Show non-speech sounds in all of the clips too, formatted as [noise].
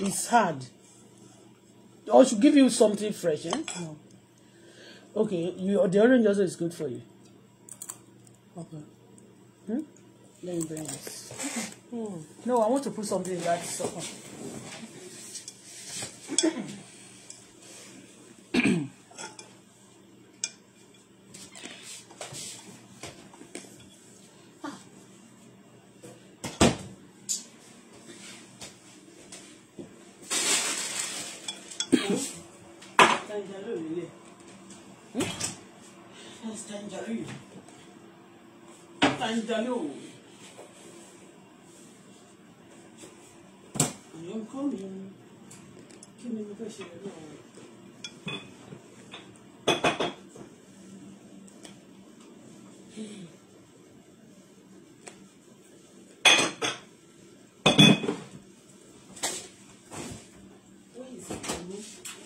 It's hard. I should give you something fresh, eh? No. Okay, you the orange also is good for you. Okay. Hmm? Let me bring this. Okay. Mm. No, I want to put something in that. So. [coughs] dání o. àyàn kọ́ mi kí ni mo fẹ́ ṣe pẹ̀lú ọ̀rọ̀.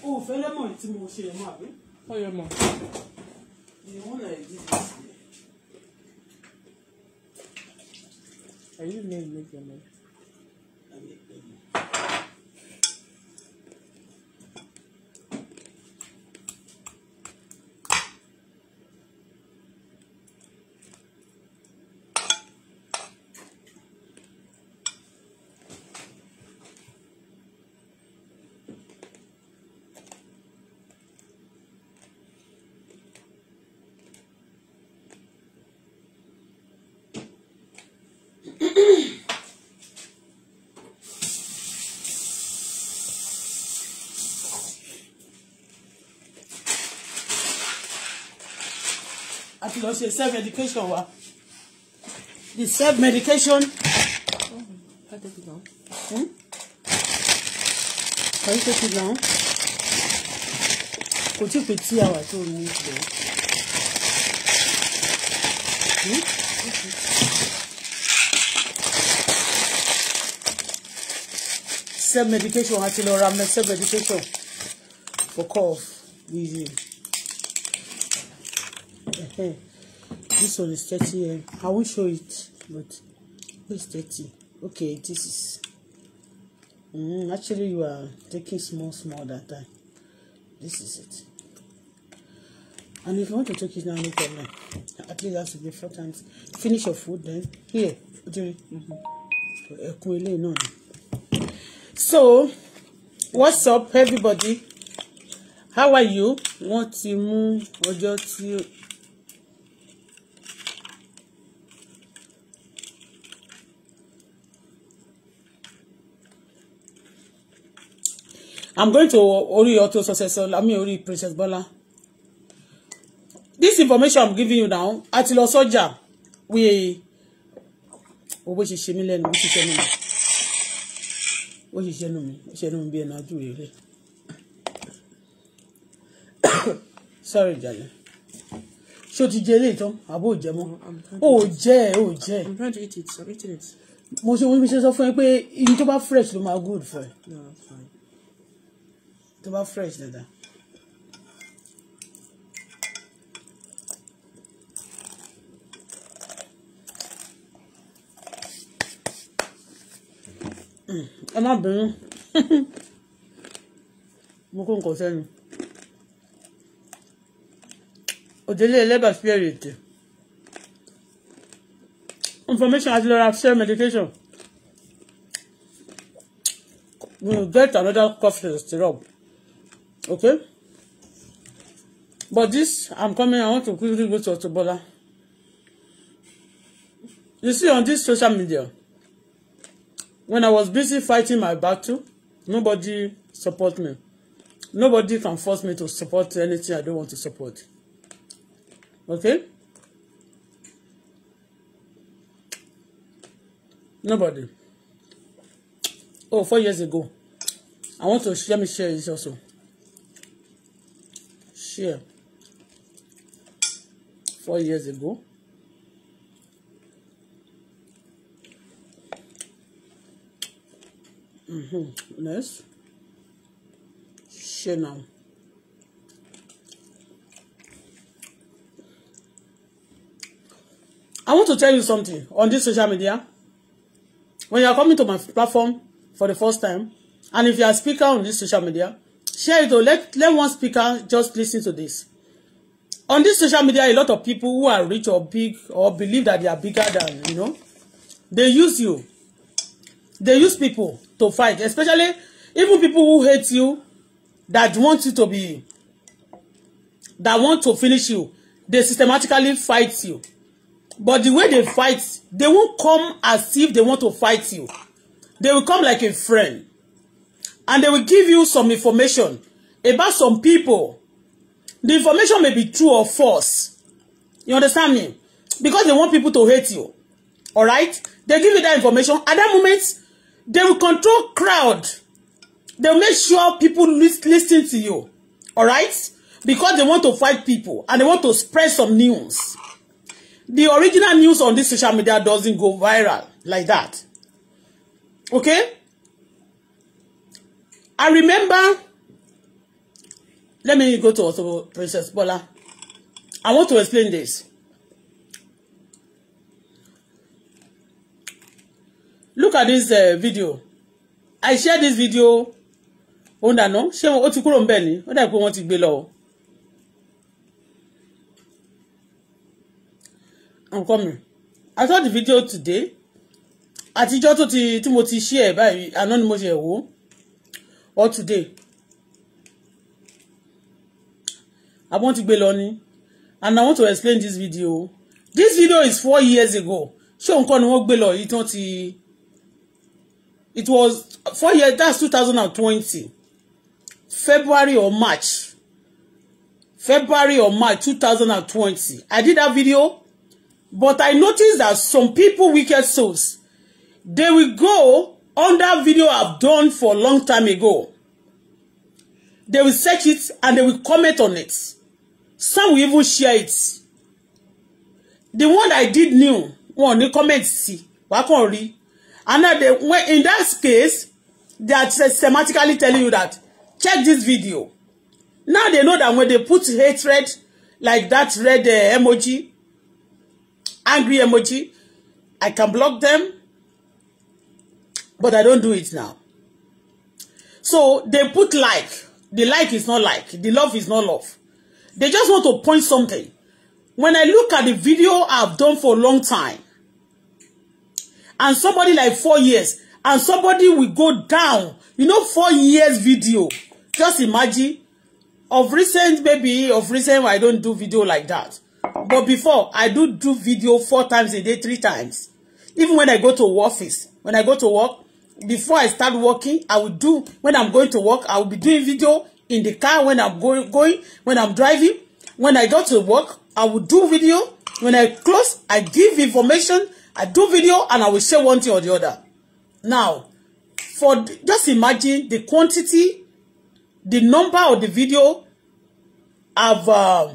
o fẹ́ lẹ́mọ̀ tí mo ṣe ẹ̀mọ́ àbí. ó yẹ mọ̀. ìwọ̀n náà yẹ jíjí sí I you name? make your a ti lọ ṣe self medication wa the self medication. Hmm? kọ́yí tó ti lọ́n kò tí ì pé tí àwà tó ní ìgbẹ́. Hmm? Mercel medication àti lọ ra Mercel medication for cough easy. Uh-huh. This one is 30 um, eh? I will show it but it's 30 okay this is mm, actually you are taking small small that time this is it and if you want to take it now no problem at least that's the four times finish your food then here mm-hmm. ẹkún eléyìí náà ni so what's up everybody how are you wọ́n ti mú ọjọ́ tí I'm going to orí Auto Successor lami orí Princess Bola this information I'm giving you now àti lọ sọ́jà we owó ṣe ṣe mí lẹ́nu ó ti ṣe ó ṣe ṣẹnu mi ó ṣẹnu mi bí ẹnu ajú rere sorry jale ṣé o ti jẹ eléyìí tán àbó jẹ mọ o jẹ o jẹ mo ṣe wọ́n mi ṣe sọ fún ẹ pé iye tó bá fresh ló máa good fún ẹ tó bá fresh dáadáa. ẹ má bínú [laughs] mo kó nǹkan sẹ́nu òdélé Labour fi ètè information àti lọ́ra share medication we will get another cough syrup okay but this i'm coming i want to quickly go to Auto you see on this social media When I was busy fighting my battle, nobody support me. Nobody can force me to support anything I don't want to support. Okay? Nobody. Oh, four years ago. I want to share me share this also. Share. Four years ago. Mm-hmm. Yes. Chanel. I want to tell you something on this social media. When you are coming to my platform for the first time, and if you are a speaker on this social media, share it or oh. let, let one speaker just listen to this. On this social media, a lot of people who are rich or big or believe that they are bigger than, you know, they use you they use people to fight especially even people who hate you that want you to be that want to finish you they systematically fight you but the way they fight they won't come as if they want to fight you they will come like a friend and they will give you some information about some people the information may be true or false you understand me because they want people to hate you all right they give you that information at that moment They will control crowd. They will make sure people listen to you. All right? Because they want to fight people and they want to spread some news. The original news on this social media doesn't go viral like that. Okay? I remember, let me go to also Princess Bola. I want to explain this. look at this uh, video i share this video òun dànù ṣé ó ti kúrò ń bẹ̀ ni ó dàbí pé wọ́n ti gbé lọ. I'm coming. I saw the video today àtijọ́ tó ti tí mo ti share báyìí àná ni mo ṣe today I want to gbé lọ ni and I want to explain this video this video is four years ago ṣé òun kọ́ ni wọ́n gbé lọ yìí tán ti it was four years that's 2020 February or March February or March 2020 I did that video but I noticed that some people wicked souls they will go on that video I've done for a long time ago they will search it and they will comment on it some will even share it the one I did new one ò comment see. What kàn rí And now when, in that case, they are systematically telling you that, check this video. Now they know that when they put hatred, like that red uh, emoji, angry emoji, I can block them, but I don't do it now. So they put like. The like is not like. The love is not love. They just want to point something. When I look at the video I've done for a long time, and somebody like four years and somebody will go down you know four years video just imagine of recent maybe of recent I don't do video like that but before I do do video four times a day three times even when I go to office when I go to work before I start working I will do when I'm going to work I will be doing video in the car when I'm going going when I'm driving when I go to work I will do video when I close I give information I do video and I will share one thing or the other. Now, for just imagine the quantity, the number of the video I've uh,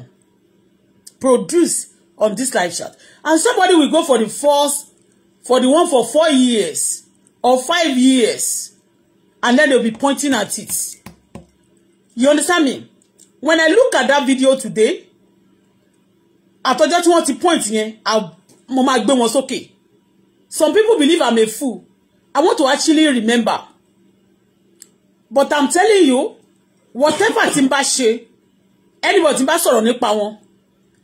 produced on this live chat. And somebody will go for the first, for the one for four years or five years. And then they'll be pointing at it. You understand me? When I look at that video today, I àtọjọ́ tí wọ́n ti point yẹn my máa gbé wọn okay. Some people believe I'm a fool. I want to actually remember. But I'm telling you, whatever tí n anybody tí n bá power,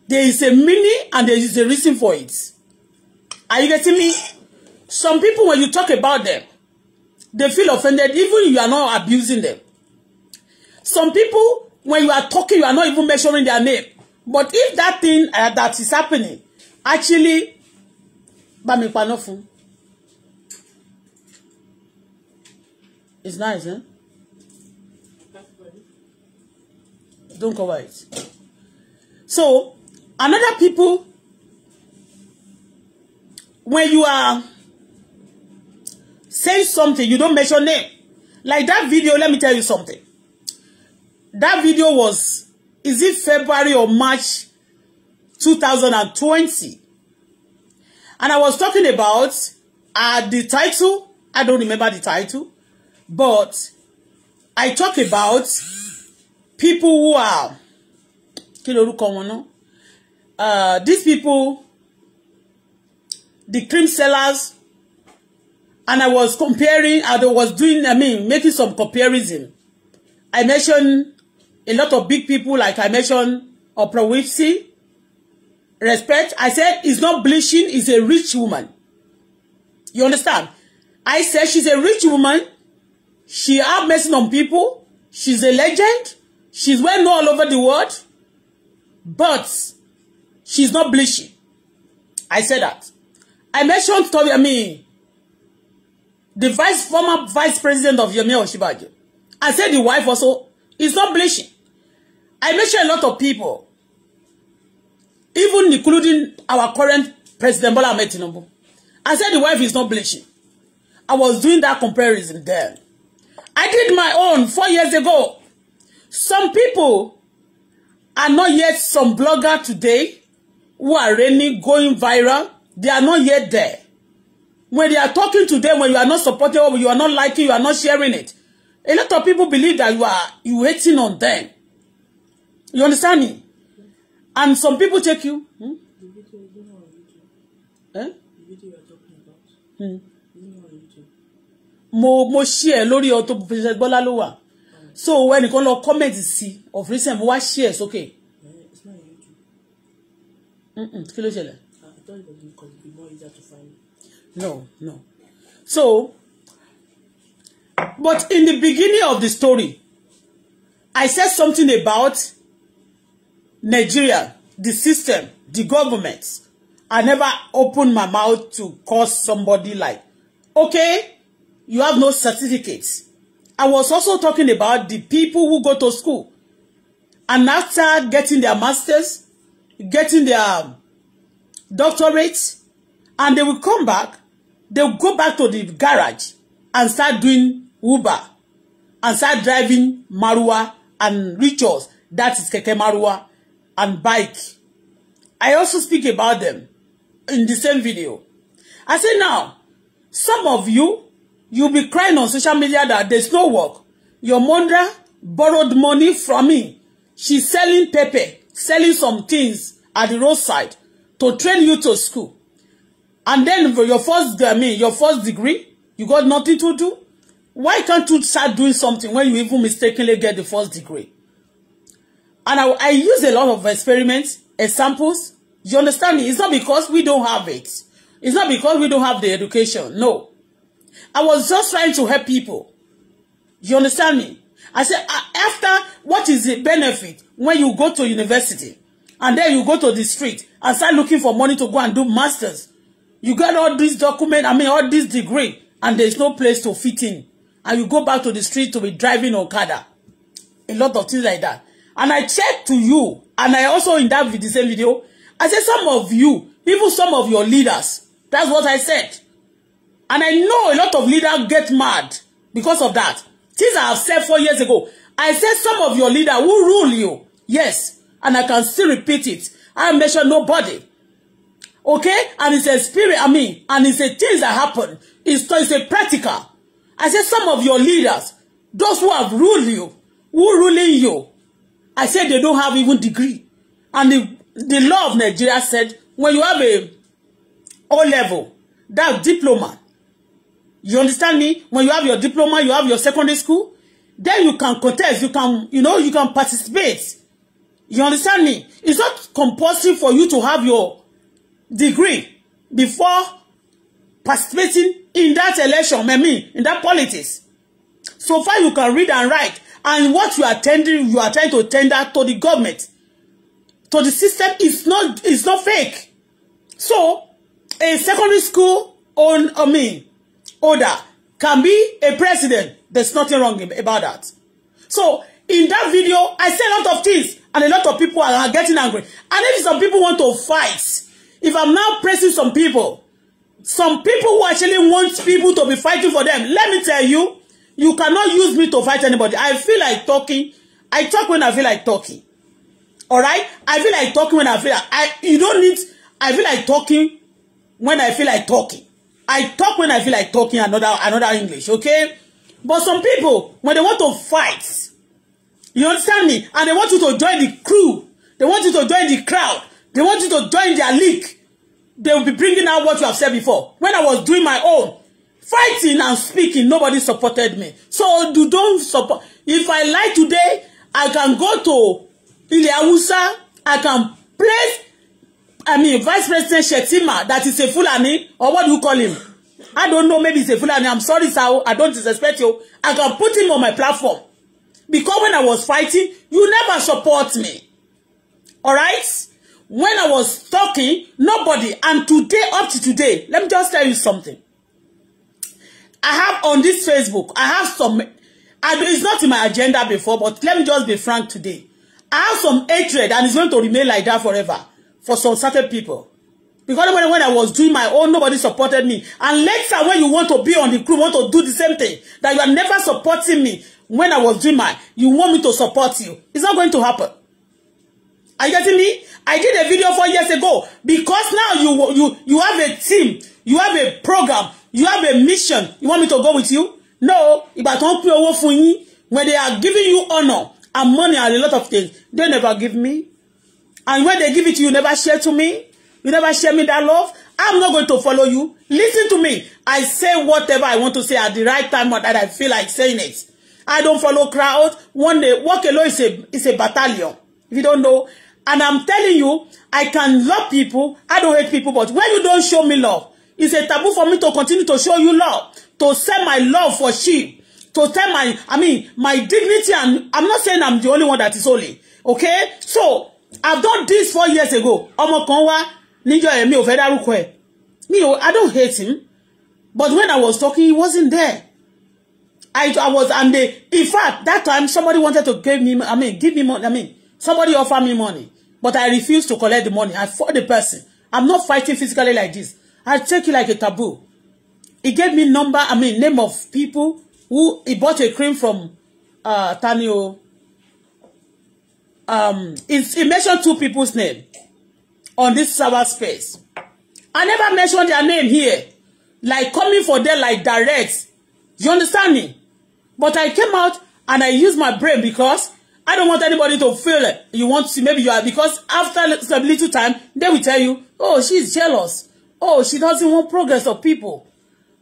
there is a meaning and there is a reason for it. Are you getting me? Some people, when you talk about them, they feel offended even if you are not abusing them. Some people, when you are talking, you are not even mentioning their name. But if that thing uh, that is happening actually bá mi paná fún it's nice eh? don't cover it so another people when you are saying something you don't mention name like that video let me tell you something that video was is it February or March 2020 And I was talking about uh, the title. I don't remember the title. But I talk about people who are kí lorúkọ wọn uh, these people the cream sellers and I was comparing I was doing I mean making some comparison I mentioned a lot of big people like I mentioned Oprah Winfrey respect. I said it's not bleaching, it's a rich woman. You understand? I said she's a rich woman. She out messing on people. She's a legend. She's well known all over the world. But she's not bleaching. I said that. I mentioned Tobi, I mean, the vice former vice president of Yemi Osinbajo. I said the wife also is not bleaching. I mentioned a lot of people including our current President Bola Ahmed Tinubu. I said the wife is not bleaching. I was doing that comparison there. I did my own four years ago. Some people are not yet some blogger today who are really going viral. They are not yet there. When they are talking to them, when you are not supporting them, you are not liking, you are not sharing it. A lot of people believe that you are you waiting on them. You understand me? And some people take you. Hmm? The video, you know, YouTube. Eh? The video you're talking about. Hmm. You know, YouTube. Mo mo share lórí Auto Professor Bola ló wà. So ẹnìkan lọ comment see of recent shares. Okay. It's not YouTube. I mo because it'd be more easier to find. no no so but in the beginning of the story I said something about Nigeria, the system, the government. I never opened my mouth to cause somebody like, okay, you have no certificates. I was also talking about the people who go to school. And after getting their masters, getting their doctorates, and they will come back, they will go back to the garage and start doing Uber and start driving Marua and rituals. That is Keke Marua and bite. I also speak about them in the same video. I say now, some of you, you'll be crying on social media that there's no work. Your mother borrowed money from me. She's selling pepper, selling some things at the roadside to train you to school. And then for your first, I mean, your first degree, you got nothing to do. Why can't you start doing something when you even mistakenly get the first degree? And I, I use a lot of experiments, examples. You understand me? It's not because we don't have it. It's not because we don't have the education. No. I was just trying to help people. You understand me? I said, after what is the benefit when you go to university and then you go to the street and start looking for money to go and do masters? You got all these document, I mean, all this degree, and there's no place to fit in. And you go back to the street to be driving Okada. A lot of things like that. And I check to you, and I also in that video, same video, I say some of you, even some of your leaders, that's what I said. And I know a lot of leaders get mad because of that. Things I have said four years ago. I said some of your leader will rule you. Yes. And I can still repeat it. I measure nobody. Okay? And it's a spirit, I mean, and it's a things that happen. It's, it's a practical. I said some of your leaders, those who have ruled you, who ruling you, I said they don't have even degree. And the, the law of Nigeria said when you have a O level, that diploma, you understand me? When you have your diploma, you have your secondary school, then you can contest, you can, you know, you can participate. You understand me? It's not compulsory for you to have your degree before participating in that election, I mean, in that politics. So far, you can read and write and what you are tending you are trying to tender to the government to the system is not is not fake so a secondary school on I mean order can be a president there's nothing wrong about that so in that video I say a lot of things and a lot of people are getting angry and if some people want to fight if I'm now pressing some people some people who actually want people to be fighting for them let me tell you You cannot use me to fight anybody. I feel like talking. I talk when I feel like talking. All right? I feel like talking when I feel like I you don't need I feel like talking when I feel like talking. I talk when I feel like talking another another English, okay? But some people when they want to fight, you understand me? And they want you to join the crew. They want you to join the crowd. They want you to join their league. They will be bringing out what you have said before. When I was doing my own, fighting and speaking nobody supported me so do don't support if I lie today I can go to ilẹ̀ Hausa I can place I mean Vice President Shettima that is a Fulani or what do you call him I don't know maybe he's a Fulani I'm sorry sir oh, I don't disrespect you I can put him on my platform because when I was fighting you never support me All right? when I was talking nobody and today up to today let me just tell you something I have on this Facebook, I have some, I it's not in my agenda before, but let me just be frank today. I have some hatred and it's going to remain like that forever for some certain people. Because when, when I was doing my own, nobody supported me. And later, when you want to be on the crew, want to do the same thing, that you are never supporting me when I was doing my, you want me to support you. It's not going to happen. Are you getting me? I did a video four years ago because now you you you have a team, you have a program, you have a mission you want me to go with you no ìgbà tó ń pín owó fún yín when they are giving you honour and money and a lot of things they never give me and when they give it to you, never share to me you never share me that love I'm not going to follow you listen to me I say whatever I want to say at the right time or that I feel like saying it I don't follow crowd one day work alone is a is a battalion if you don't know and I'm telling you I can love people I don't hate people but when you don't show me love It's a taboo for me to continue to show you love, to sell my love for sheep, to tell my, I mean, my dignity. And I'm not saying I'm the only one that is holy. Okay? So, I've done this four years ago. Omo konwa, wá níjọ́ mi o feda rukwe. Me, I don't hate him. But when I was talking, he wasn't there. I, I was, and they, in fact, that time somebody wanted to give me, I mean, give me money. I mean, somebody offered me money. But I refused to collect the money. I fought the person. I'm not fighting physically like this. I take it like a taboo. He gave me number, I mean, name of people who he bought a cream from uh, Tanio. Um, he, he mentioned two people's name on this server space. I never mentioned their name here. Like coming for them like direct. You understand me? But I came out and I used my brain because I don't want anybody to feel it. You want to see, maybe you are, because after some little time, they will tell you, oh, she's jealous oh, she doesn't want progress of people.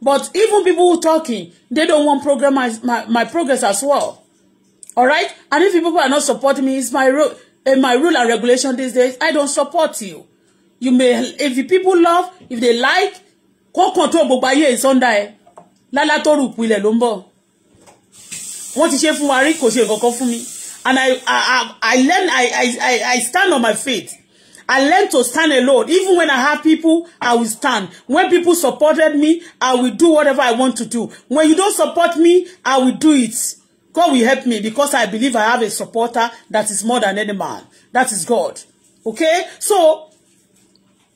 But even people who talking, they don't want program my, my, my progress as well. All right? And if people are not supporting me, it's my rule, uh, my rule and regulation these days. I don't support you. You may, if the people love, if they like, What control gbogbo ayé ìsọ́ndà ẹ̀ toru pule lombo. What ló ń for Wọ́n ti ṣe fún wa rí And I, I, I, I learn, I, I, I stand on my faith. I learned to stand alone. Even when I have people, I will stand. When people supported me, I will do whatever I want to do. When you don't support me, I will do it. God will help me because I believe I have a supporter that is more than any man. That is God. Okay? So,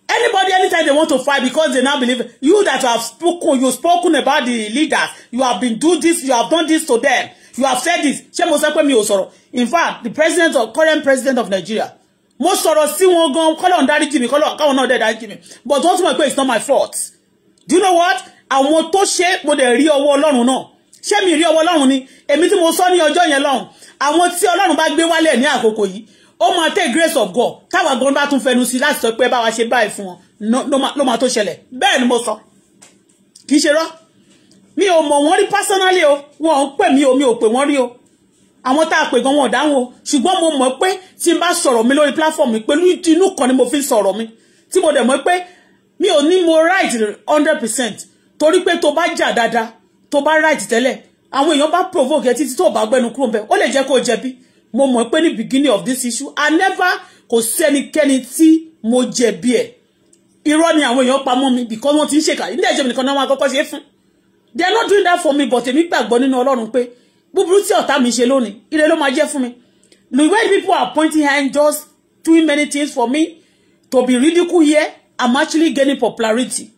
anybody, anytime they want to fight because they now believe, you that have spoken, you've spoken about the leaders, you have been doing this, you have done this to them, you have said this. In fact, the president or current president of Nigeria, mo sọ̀rọ̀ sí wọn gan kọ́lọ́n dáríjì mi kọ́lọ́n káwọn náà dẹ̀ dáríjì mi but wọ́n tún mọ̀ pé it's not my fault do you know what àwọn tó ṣe mo dẹ̀ rí ọwọ́ ọlọ́run náà ṣé mi rí ọwọ́ ọlọ́run ni èmi tí mo sọ ní ọjọ́ yẹn lọ́hùn àwọn tí ọlọ́run bá gbé wálẹ̀ ní àkókò yìí ó máa tẹ́ grace of God táwa gan bá tún fẹnu sí láti sọ pé báwa ṣe báyìí fún wọn ló máa tó ṣẹlẹ̀ bẹ́ẹ̀ ni mo sọ kì í ṣe rọ́ mi ò mọ̀ wọ́n rí personally o wọn ò pè mí o mi ò pè wọ́n rí o àwọn tá a pè gan wọn ọ̀dáwọn o ṣùgbọ́n mo mọ̀ pé tí n bá sọ̀rọ̀ mi lórí platform mi pẹ̀lú inú kan ni mo fi sọ̀rọ̀ mi tí mo dẹ̀ mọ̀ pé mi ò ní mo right hundred percent torí pé tó bá jà dáadáa tó bá right tẹ́lẹ̀ àwọn èèyàn bá provoke ẹ títí tó bá gbẹnu kúrò bẹ́ẹ̀ ó lè jẹ́ kó jẹ̀bi mo mọ̀ pé ní beginning of this issue I never kò sẹ́nikẹ́ni tí mo jẹ̀bi ẹ̀ irọ́ ni àwọn èèyàn pamọ́ mi because wọ́n ti ń ṣèkà ilé ìjẹun nìkan náà wọn akọ́kọ́ ṣe é fún they are not doing that for me but èmi gbàgbọ́ nínú Ọlọ́run pé búburú tí ọ̀tá mi ṣe lónìí ire ló máa jẹ́ fún mi the way people are pointing hand just doing many things for me to be ridicule here i'm actually gaining popularity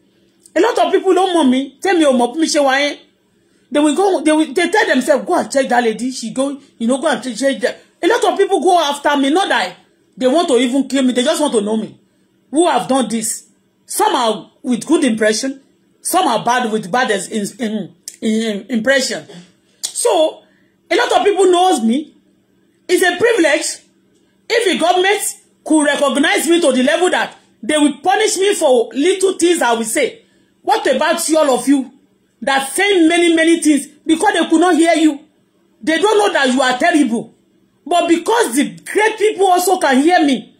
a lot of people don't mọ̀ mi tẹ́mi ò mọ̀ mi ṣe wá yẹn they will go they will they tell themselves go and check that lady she go you know go and check, check that a lot of people go after me not that they want to even kill me they just want to know me who have done this some are with good impression some are bad with bad in, in, in, impression so A lot of people knows me. It's a privilege. If the government could recognize me to the level that they will punish me for little things I will say. What about you, all of you that say many, many things because they could not hear you? They don't know that you are terrible. But because the great people also can hear me,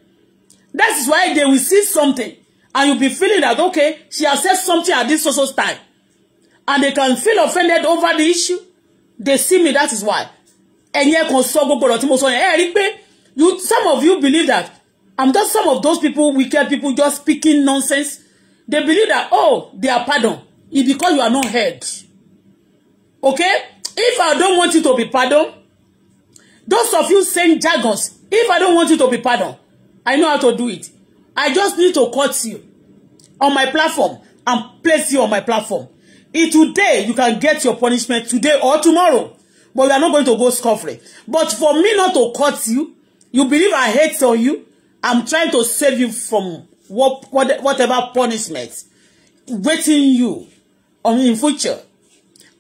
that is why they will see something. And you'll be feeling that, okay, she has said something at this social time. And they can feel offended over the issue they see me that is why ẹ̀yin ẹ̀ kan sọ gbogbo ọ̀rọ̀ tí mo sọ yẹn ẹ̀ rí pé you some of you believe that I'm just some of those people wicked people just speaking nonsense they believe that oh they are pardon it's because you are not heard okay if I don't want you to be pardon those of you saying jargons if I don't want you to be pardon I know how to do it I just need to cut you on my platform and place you on my platform If today you can get your punishment today or tomorrow, but we are not going to go scot But for me not to cut you, you believe I hate on you, I'm trying to save you from what, what, whatever punishment waiting you on in future.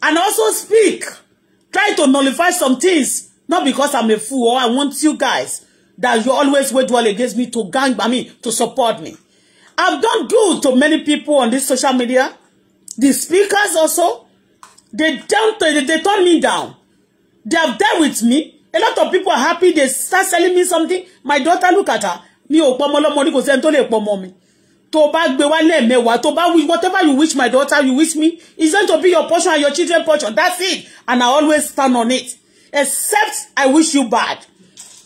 And also speak. Try to nullify some things. Not because I'm a fool or I want you guys that you always wait war against me to gang by me, to support me. I've done good to many people on this social media the speakers also, they down they, they turn me down. They have dealt with me. A lot of people are happy. They start selling me something. My daughter, look at her. Mi ò pọ́mọ lọ́mọ ni kò sẹ́ni tó lè pọ́mọ mi. Tó bá gbé wa lẹ́ẹ̀mẹ́wàá, tó bá wish whatever you wish my daughter, you wish me. It's going to be your portion and your children portion. That's it. And I always stand on it. Except I wish you bad.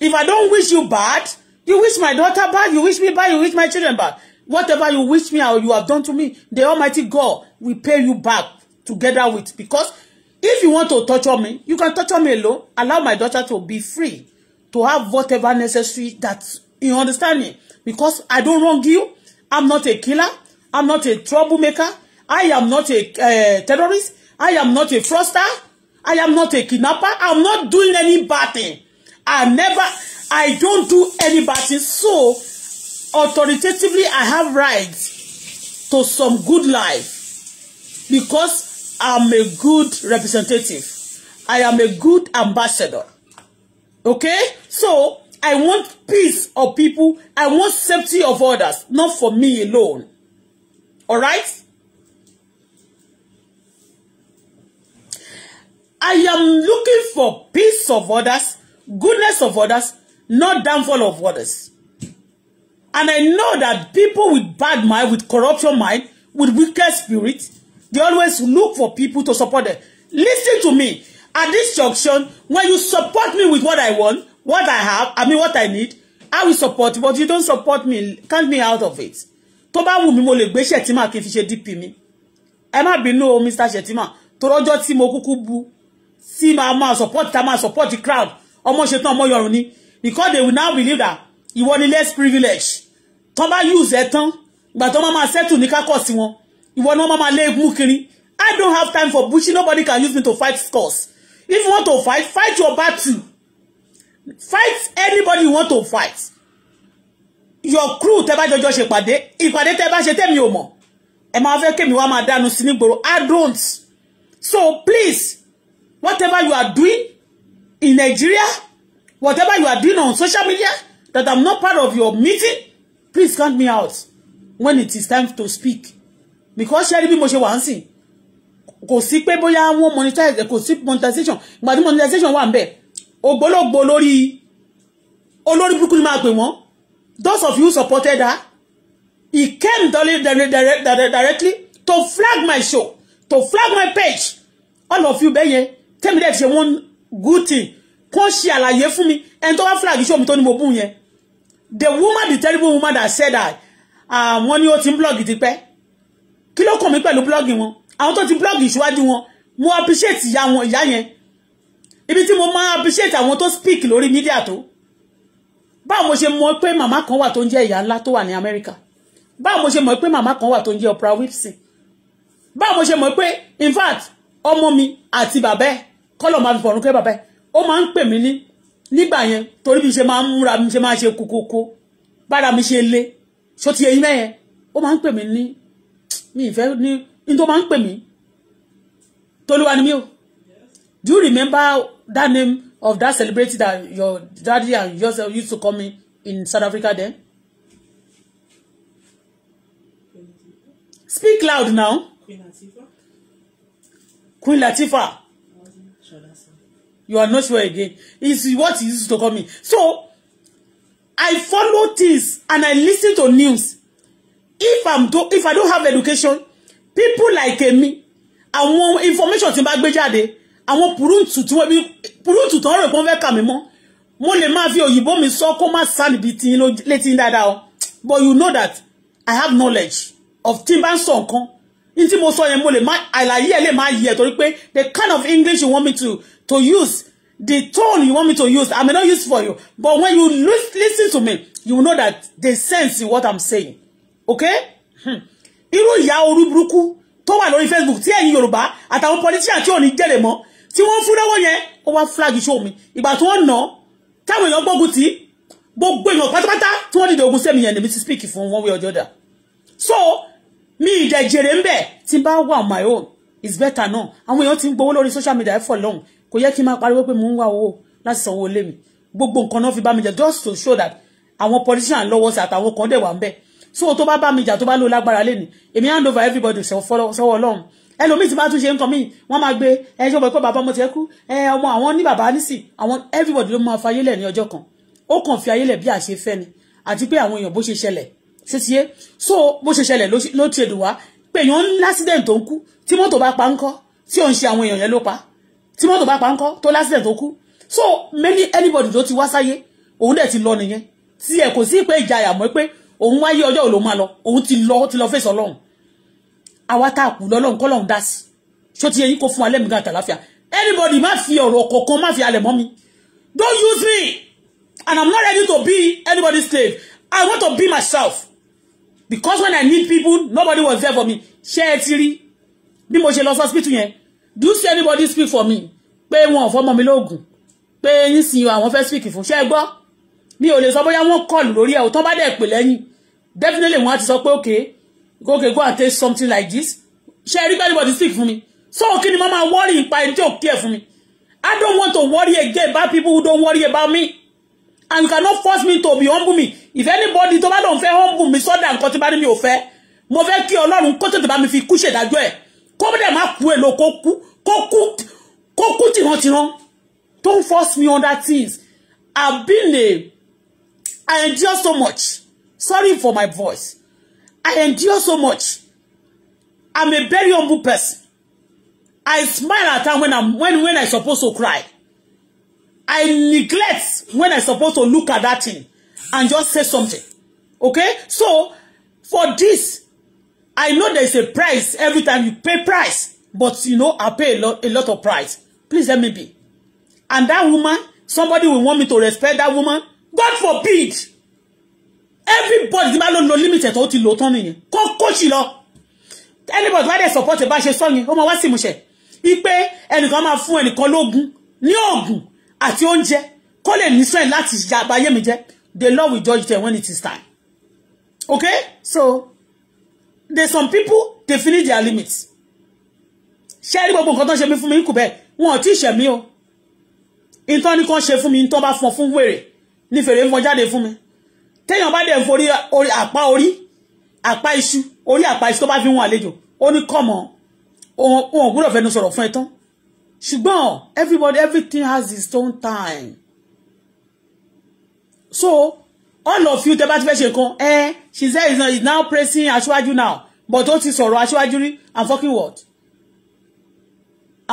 If I don't wish you bad, you wish my daughter bad, you wish me bad, you wish my children bad. Whatever you wish me or you have done to me, the Almighty God We pay you back together with because if you want to torture me you can torture me alone allow my daughter to be free to have whatever necessary that you understand me because I don't wrong you I'm not a killer I'm not a troublemaker I am not a uh, terrorist I am not a fraudster I am not a kidnapper I'm not doing any bad thing I never I don't do any bad thing so authoritatively I have rights to some good life because I'm a good representative. I am a good ambassador. Okay? So, I want peace of people. I want safety of others, not for me alone. All right. I am looking for peace of others, goodness of others, not downfall of others. And I know that people with bad mind, with corruption mind, with wicked spirits, They always look for people to support them. Listen to me. At this junction, when you support me with what I want, what I have, I mean what I need, I will support you, but you don't support me, count me out of it. Toba bá wù mí mo lè gbé Shetima kí n fi ṣe DP mi. Ẹ má bínú o Mr. Shetima, tó rọ́jọ́ tí mo kuku bu tí máa máa support ta máa support the crowd. Ọmọ ṣe tán ọmọ ni because they will now believe that ìwọ ni less privilege. Toba use ẹ tán, ìgbà ma máa máa settle ní kákọ̀ sí wọn ìwọ ni wọ́n máa lé mú kiri I don't have time for bullshit nobody can use me to fight scores if you want to fight fight your battle fight anybody you want to fight your crew tẹ́ bá jọjọ ṣe pàdé ìpàdé tẹ́ bá ṣe tẹ́mi ò mọ̀ ẹ máa fẹ́ kémi wá máa dánu sí nígboro I don't so please whatever you are doing in Nigeria whatever you are doing on social media that I'm not part of your meeting please count me out when it is time to speak because ṣẹ́rí bí mo ṣe wà ń sìn kò sí pé bóyá wọ́n monetize kò sí monetization ìgbà tí monetization wà ń bẹ̀ ògbólógbò lórí olórí burúkú ni máa pè wọ́n those of you supported her he came directly to flag my show to flag my page all of you bẹ́yẹn tẹ́mi dẹ́ ti ṣe one good thing kàn ṣe àlàyé fún mi ẹni tó wá flag show mi tó ní mo bùn yẹn the woman the terrible woman that said that àwọn ah, ni ó ti ń blog ti kí ló kàn mí pẹ̀lú blọ́ọ̀gì wọn àwọn tó ti blọ́ọ̀gì ìṣíwájú wọn mo appreciate ìyá wọn ìyá yẹn ibi tí mo máa appreciate àwọn tó speak lórí mídíà tó báwo mo ṣe mọ̀ pé màmá kan wà tó ń jẹ́ ìyá ńlá tó wà ní Amẹ́ríkà báwo mo ṣe mọ̀ pé màmá kan wà tó ń jẹ́ Oprah Winfrey báwo mo ṣe mọ̀ pé in fact ọmọ mi àti bàbá ẹ̀ kọ́lọ̀ máa fi fọ̀rùn kẹ́ bàbá ẹ̀ ó máa ń pè mí ní nígbà yẹn torí bí ṣe máa ń múra mi ṣe máa ṣe kókókó bára mi ṣe le ṣó ti eyín mẹ́yẹn ó máa ń pè mí ní mi ìfẹ́ ní ní tó máa ń pè mí tolúwa ni mí o do you remember that name of that celebrity that your daddy and yourself used to call me in South Africa then speak loud now Queen Latifah Queen Latifah you are not sure again is what he used to call me so I follow things and I listen to news if i'm do if i don't have education people like me àwọn information tí n bá gbé jáde àwọn puruntu tí wọ́n bí puruntu tó ń rò pé wọ́n kà mí mọ́ mo lè máa fi òyìnbó mi sọ kó má sáà níbi tí létí dáadáa o but you know that i have knowledge of tí n bá ń sọ nǹkan ní tí mo sọ yẹn mo lè má àlàyé ẹ lè má yẹ torí pé the kind of english you want me to to use the tone you want me to use i may not use for you but when you listen to me you know that the sense in what i'm saying okay irú ìyá orí burúkú tó wà lórí facebook tí ẹ̀yin yorùbá àtàwọn politician tí ò ní jẹ́lẹ̀ mọ́ tí wọ́n fún lọ́wọ́ yẹn ó wá flag show mi ìgbà tí wọ́n nà táwọn èèyàn gbógun tì gbogbo èèyàn pátápátá tí wọ́n dìde ogun sẹ́mi yẹn lèmi ti speak fún one way or the other so mi ìdẹ̀jẹ̀rẹ̀ ń bẹ tí bá wà on my own is better náà àwọn èèyàn ti ń gbowó lórí social media for long kò yẹ kí n máa pariwo pé mò ń wá owó láti sanwó lé mi gbogbo nǹkan náà fi bá mi jẹ just to show that àwọn politician lọ́wọ́ sí àtàwọn kan dẹ̀ wà ń bẹ́ẹ̀ so tó bá bá mi jà tó bá lò lágbára lẹ́ni èmi hand over everybody so sọ̀wọ́ ọlọ́run ẹlòmíì tí bá tún ṣe nǹkan míì wọ́n máa gbé ẹjọ́ bọ̀ pé bàbá ọmọ tiẹ̀ kú ẹ ọmọ àwọn ní bàbá nísì àwọn everybody ló máa fa ayélẹ̀ ní ọjọ́ kan ó kàn fi ayélẹ̀ bí àṣẹ fẹ́ ni àti pé àwọn èèyàn bó ṣe ṣẹlẹ̀ ṣeṣiye so bó ṣe ṣẹlẹ̀ ló ti èdè wá pé èèyàn ń lásìdẹ̀ǹt tó ń kú tí pa ń kọ́ tí òun ṣe àwọn èèyàn yẹn pa tí mọ́tò bá pa ń kọ́ tó lásìdẹ̀ǹt tó so many anybody ló ti wá sáyé òun dẹ̀ ti lo nìyẹn tí ẹ kò sí pé ìjayà mọ́ pé òun wáyé ọjọ́ òun máa lọ òun ti lọ ti lọ fèsì ọlọ́run àwa tá a kù lọ́lọ́run kọ́lọ́run dá sí ṣó ti yẹ yín kó fún wa lẹ́mìí gan àtàláfíà anybody má fi ọ̀rọ̀ kọ̀ọ̀kan má fi alẹ̀ mọ́ mi don't use me and i'm not ready to be anybody's slave i want to be myself because when i need people nobody was there for me ṣé ẹ ti rí bí mo ṣe lọ sí yẹn do you see anybody speak for me pé wọn ò fọmọ mi lóògùn pé yín sin àwọn fẹ́ speak fún ṣé ẹ gbọ́ mi ò lè sọ bóyá wọ́n kọlù lórí ẹ̀ òtán bá dẹ̀ pè lẹ́yìn definitely wọ́n á ti sọ pé okay go okay go and take something like this ṣe rí pẹ́lú bọ́dí stick fún mi so kí ni mo máa worry ipa ẹni tí ò kí ẹ̀ fún mi I don't want to worry again about people who don't worry about me and you cannot force me to be humble me if anybody tó bá dọ̀ fẹ́ humble me sọ́dà nǹkan tí bá ní mi ò fẹ́ mo fẹ́ kí ọlọ́run kó tètè bá mi fi kú ṣèdájọ́ ẹ̀ kó bẹ́ẹ̀ má kú èlò kó kú kó kú kó don't force me on that things I've been a I endure so much. Sorry for my voice. I endure so much. I'm a very humble person. I smile at time when I'm when when I supposed to cry. I neglect when I supposed to look at that thing and just say something. Okay? So for this, I know there's a price every time you pay price, but you know, I pay a lot a lot of price. Please let me be. And that woman, somebody will want me to respect that woman God forbid everybody tí bá ló lo limit ẹ̀ tó ti lò tán nìyẹn kó kóṣì lọ anybody wá dẹ̀ support ẹ̀ bá ṣe sọ́yìn ó máa wá sí ìmúṣẹ wípé ẹnìkan máa fún ẹnìkan lógún ní oògùn àti oúnjẹ kó lè ní strength láti jàgbá ayé mi jẹ the Lord will judge them when it is time okay so there's some people they finish their limits ṣé rí gbogbo nǹkan tó ń ṣe mí fún mi kù bẹ́ẹ̀ wọn ò tí ì ṣẹ̀mí o ìtọ́ni kan ṣe fún mi ń bá fún fún wèrè ní fèrè ń fọn jáde fún mi téèyàn bá dẹ̀ ń forí àpá orí àpá iṣu orí àpá iṣu tó bá fi wọn àlejò ó ní kọ̀mọ̀ òun ò gbúdọ̀ fẹnu sọ̀rọ̀ fún ẹ tán ṣùgbọ́n everybody everything has its own time so all of you tẹ bá ti fẹ́ ṣe nǹkan ẹ she say he is now praising aṣíwájú now but ó ti sọ̀rọ̀ aṣíwájú rí i'm fucking what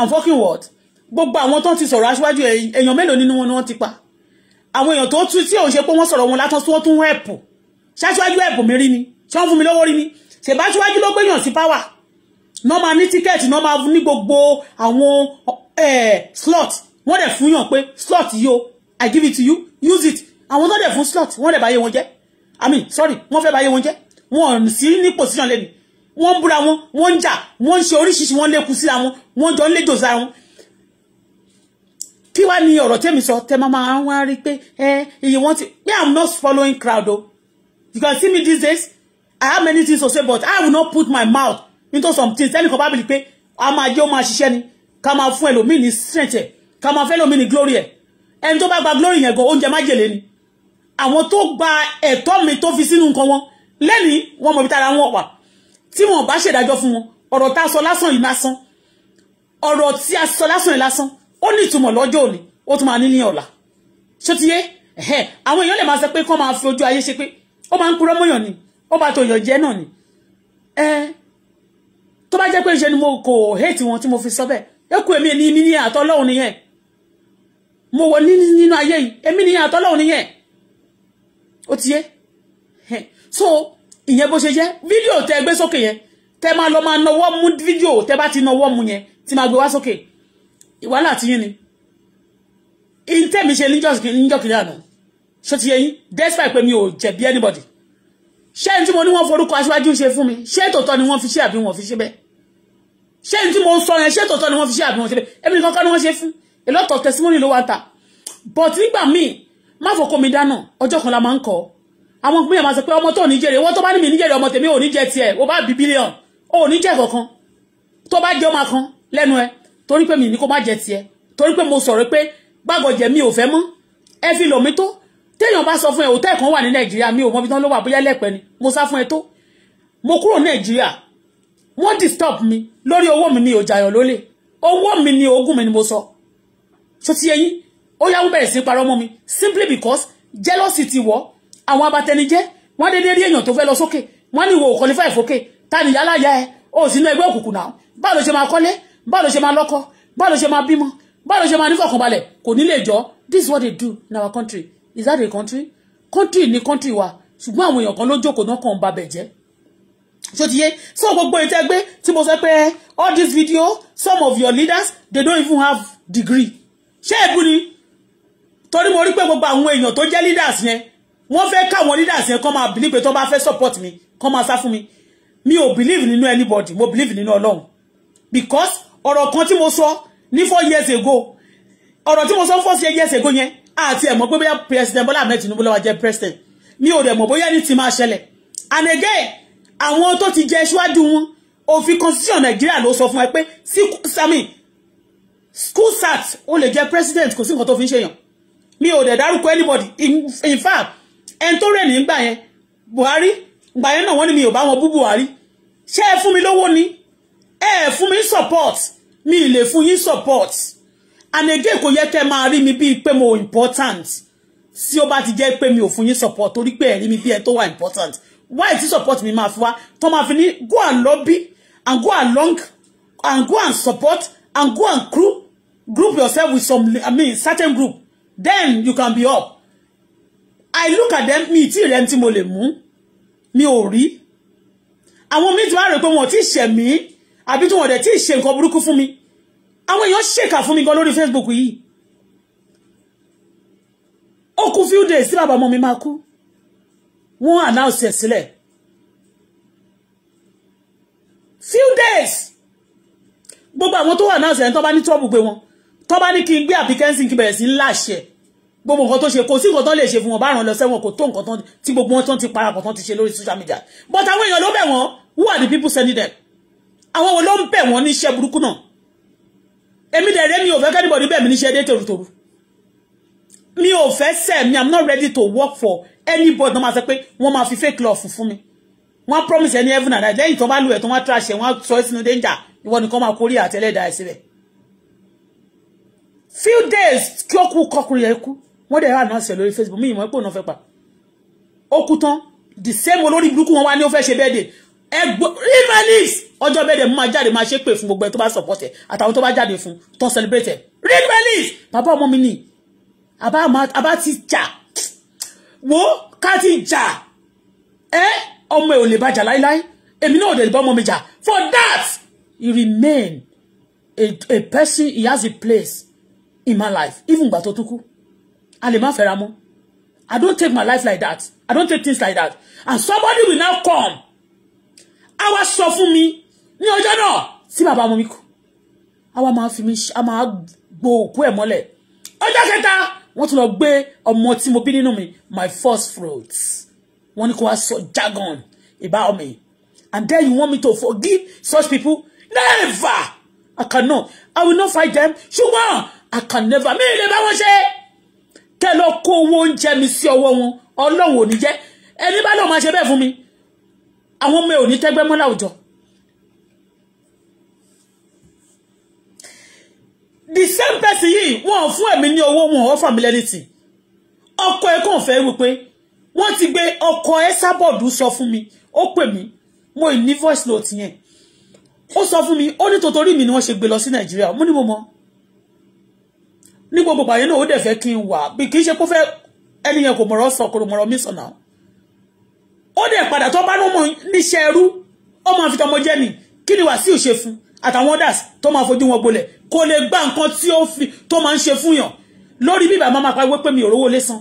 i'm fucking what gbogbo àwọn tó ti sọ̀rọ̀ aṣíwájú èèyàn mélòó nínú wọn ni wọ́n ti pa àwọn èèyàn tó tú tí òun ṣe pé wọ́n sọ̀rọ̀ wọn látọ́ tí wọ́n tún ẹ̀pù ṣáṣíwájú ẹ̀pù mi rí ni ṣé wọ́n fún mi lówó rí ni ṣèbáṣíwájú ló gbéyàn sí power náà máa ní tíkẹ́ẹ̀tì náà máa ní gbogbo àwọn slot wọ́n dẹ̀ fún yàn pé slot yìí o I give it to you use it àwọn tó dẹ̀ fún slot wọ́n dẹ̀ báyé wọn jẹ́ I mean sorry wọ́n fẹ́ báyé wọn jẹ́ wọn sí ní position lẹ́nu wọ́n ń búra wọn wọ́n ń jà wọ́n ń ṣe oríṣiríṣi wọ́n lékun síra wọn wọ́n jọ ń léjò sára wọn kí wá ní ọ̀rọ̀ tẹ́mi sọ tẹ́ máa máa wá rí pé ẹ iye wọn ti pé i'm not following crowd o you can see me these days i have many things to say but i will not put my mouth into some things ẹnìkan bá bìlì pé a máa jẹ́ ó máa ṣiṣẹ́ ni ká máa fún ẹlòmíì ní strength ẹ̀ ká máa fẹ́ ẹlòmíì ní glory ẹ̀ ẹni tó bá gba glory yẹn gan oúnjẹ májèlé ni àwọn tó gba ẹ̀tọ́ mi tó fi sínú nǹkan wọn lẹ́nìí wọn mọ̀ bí tára wọn wà tí wọn bá ṣèdájọ́ fún wọn ọ̀rọ̀ tá a sọ lásán yìí lásán ọ̀rọ̀ tí a sọ lásán yìí lásán ó ní ìtumọ̀ lọ́jọ́ òní ó tún máa ní ní ọ̀la ṣó ti yé àwọn èèyàn lè máa sọ pé kán máa fi ojú ayé ṣe pé ó máa ń purọ́ mọ́yàn ni ó bá tòyàn jẹ́ náà ni tó bá jẹ́ pé ṣe ni mo kò hate wọn tí mo fi sọ bẹ́ẹ̀ eku èmi ni mi ní àtọ́lọ́hún nìyẹn mo wọ nínú ayé yìí èmi ní àtọ́lọ́hún nìyẹn ó ti yé so ìyẹn bó ṣe jẹ́ fídíò tẹ gbé sókè yẹn tẹ máa lọ máa nọwọ́ mú fídíò tẹ bá ti nọwọ́ mú yẹn tí máa gbé wá sókè ìwàhálà ti yín ni ìtẹ̀mí ṣe níjọ́ kìlẹ̀ àná ṣó ti yẹ yín despite pé mi ò jẹ̀bi anybody ṣé ní tí mo ní wọ́n forúkọ aṣíwájú ṣe fún mi ṣé tòótọ́ ni wọ́n fi ṣe àbí wọ́n fi ṣe bẹ́ẹ̀ ṣé ní tí mo ń sọ yẹn ṣé tòótọ́ ni wọ́n fi ṣe àbí wọ́n ṣe bẹ́ẹ̀ ẹ̀mí kankan ni wọ́n ṣe fún a lot of testimony ló wá ta but nígbà míì má fọkọ mi dáná ọjọ́ kan la máa ń kọ́ àwọn pínyà máa sọ pé ọmọ tó ò ní jèrè wọ́n tó bá ní mi ní jèrè ọmọ tèmi ò ní jẹ tiẹ̀ ó bá bí bílíọ̀n ò ní jẹ kankan tó bá jẹ́ ọmọ kan lẹ́nu ẹ torí pé mi ní kó má jẹ tiẹ̀ torí pé mo sọ̀rọ̀ pé gbàgọ̀jẹ̀ mi ò fẹ́ mọ́ ẹ fi lòmí tó téèyàn bá sọ fún ẹ òtẹ́ kan wà ní nàìjíríà mi ò mọ ibi tán ló wà bóyá lẹ́pẹ́ ni mo sá fún ẹ tó mo kúrò nàìjíríà wọ́n disturb mi lórí owó mi ni ò jàyàn lólè owó mi ni ogún mi ni mo sọ tó ti yẹyìn ó yáwó bẹ̀rẹ̀ sí parọ́ mọ́ mi simply because jealousy ti wọ̀ àwọn abatẹnijẹ́ wọ́n dédé rí èèyàn tó fẹ́ lọ sókè wọ́n ní ìwò ò qualify ta ni yálà ya ẹ o sì ní ẹgbẹ́ òkùnkùn náà báwo ló ṣe máa kọ́lé báwo ṣe máa lọ́kọ báwo ṣe máa bímọ báwo ṣe máa nífọ̀kànbalẹ̀ kò ní lè this is what they do in our country is that a country country ni country wa ṣùgbọ́n àwọn èèyàn kan ló jókòó náà kàn ń babẹ̀ jẹ́ so ti ye so gbogbo ètò ẹgbẹ́ tí mo sọ pé all this video some of your leaders they don't even have degree ṣé èbú ni torí mo rí pé gbogbo àwọn èèyàn tó jẹ́ leaders yẹn wọ́n fẹ́ káwọn leaders yẹn kọ́ máa believe pé tó bá fẹ́ support mi kọ́ máa sá fún mi mi ò believe nínú anybody mo believe nínú Ọlọ́run because ọ̀rọ̀ kan tí mo sọ ní four years ago ọ̀rọ̀ tí mo sọ four years ago yẹn àti ẹ̀ mọ̀ pé bóyá president Bọ́lá Ahmed Tinubu lọ́wọ́ jẹ́ president mi ò dẹ̀ mọ̀ bóyá ní ti máa ṣẹlẹ̀ and again àwọn tó ti jẹ ṣíwájú wọn òfin constitution Nàìjíríà ló sọ fún ẹ pé sami school sat ó lè jẹ́ president kò sí nǹkan tó fi ń ṣèyàn mi ò dẹ̀ dárúkọ anybody in, in fact ẹni tó rẹ̀ nígbà yẹn Buhari gbà yẹn náà wọ́n ní mi ò bá wọn bú Buhari ṣé ẹ fún mi lówó ni ẹ fún mi support mi le lè fún support and again kò yẹ kẹ́ máa rí mi bíi pé mo important Si ó bá ti jẹ́ pé mi ò fún yín support torí pe ẹ mi bí ẹ tó wà important why tí support mi máa fi wá tó máa fi ní go and lobby and go along and go and support and go and group group yourself with some I mean certain group then you can be up I look at them mi tí rẹ̀ tí mo lè mú mi ò rí àwọn míì ti wá rè pé wọn ò tí ì àbí tí wọ́n dẹ̀ tí ì ṣe nǹkan burúkú fún mi àwọn èèyàn ṣèkà fún mi gan lórí Facebook yìí ó kú few days tí bàbá ọmọ mi máa kú wọ́n announce ẹ̀ sílẹ̀ few days gbogbo àwọn tó wà announce ẹ̀ tó bá ní trouble pé wọn tó bá ní kí n gbé àbí kẹ́ńsìn kí bẹ̀rẹ̀ sí ńlá ṣẹ̀ gbogbo nǹkan tó ṣe kò sí nǹkan tó lè ṣe fún wọn bá ràn lọ sẹ́wọ̀n kò tó nǹkan tí gbogbo wọn tán ti parapọ̀ tán ti ṣe lórí social media but àwọn èèyàn ló bẹ̀ wọ́n who are the people sending them àwọn wo ló ń bẹ̀ wọ́n níṣẹ́ burúkú náà èmi dẹ̀ rẹ́ mi ò fẹ́ kẹ́nìbọ̀dì bẹ̀ mí níṣẹ́ dé tòrútòrú mi ò fẹ́ sẹ̀ mi am not ready to work for anybody náà máa sọ pé wọ́n máa fi fake love fún mi wọ́n promise ẹni heaven and earth lẹ́yìn tó bá lù ẹ̀ tó wọ́n trash ẹ̀ wọ́n sọ ẹ́ sínú danger ìwọ nìkan máa kórìí àtẹ́lẹ́dà ẹ̀ síbẹ̀ few days kí ó kú kọkùnrin yẹn kú wọ́n dẹ̀ announce lórí facebook mi ìmọ̀ ẹ̀ pò náà fẹ́ pa ó kú tán the same olórí burúkú wọn wá ní ó fẹ́ ṣe birthday ẹgbọ́ read my lips ọjọ́ bẹ́ẹ̀ dẹ̀ máa jáde máa ṣépè fún gbogbo ẹ̀ tó bá support ẹ̀ àtàwọn tó bá jáde fún tó celebrate ẹ̀ read my lips bàbá ọmọ mi ni àbá ti jà wo ká ti jà ẹ ọmọ ẹ ò lè bàjà láíláí èmi náà ò lè bá ọmọ mi jà for that he remain a, a person he has a place in my life even gbà tó tún kú a lè má fẹ́ra mọ́ I don't take my life like that I don't take things like that and somebody will now come á wá sọ fún mi ní ọjọ́ náà tí bàbá ọmọ mi kú á wá máa fi mi á máa gbo òkú ẹ̀ mọ́lẹ̀ ọjọ́ kẹta wọ́n tún lọ gbé ọmọ tí mo bí nínú mi my first fruit wọ́n ní kó wá sọ jargon about me and then you want me to forgive such people never I cannot I will not fight them ṣùgbọ́n I can never mi lè bá wọn ṣe kẹ́ lọ kó owó oúnjẹ mi sí ọwọ́ wọn ọlọ́run ò ní jẹ́ ẹni bá lọ́ọ́ máa ṣe bẹ́ẹ̀ fún mi àwọn ọmọ ẹ ò ní tẹ́gbẹ́ mọ́ láwùjọ. the same person yìí wọn fún èmi ní owó wọn ọfà mi lẹ́nìtì ọkọ ẹ kàn fẹ́ wípé wọ́n ti gbé ọkọ ẹ sábọ̀dù sọ fún mi ó pè mí mo ní voice note yẹn ó sọ fún mi ó ní tòtórí mi ni wọ́n ṣe gbé lọ sí nàìjíríà mo ní mo mọ ní gbogbo àyẹn náà ó dẹ̀ fẹ́ kí n wà bí kì í ṣe kó fẹ́ ẹni yẹn kò mọ̀rọ̀ sọ kò mọ̀rọ̀ mí sọ náà ó dẹ̀ padà tó bá ní ọmọ níṣẹ́ ẹrú ó máa fi tọmọ jẹ́ ni kí ni Wàsíù ṣe fún àtàwọn others tó máa fojú wọn gbolẹ̀ kò lè gba nǹkan tí ó fi tó máa ń ṣe fún yàn lórí bíbà máa máa pariwo pé mi ò rówó lẹ́sàn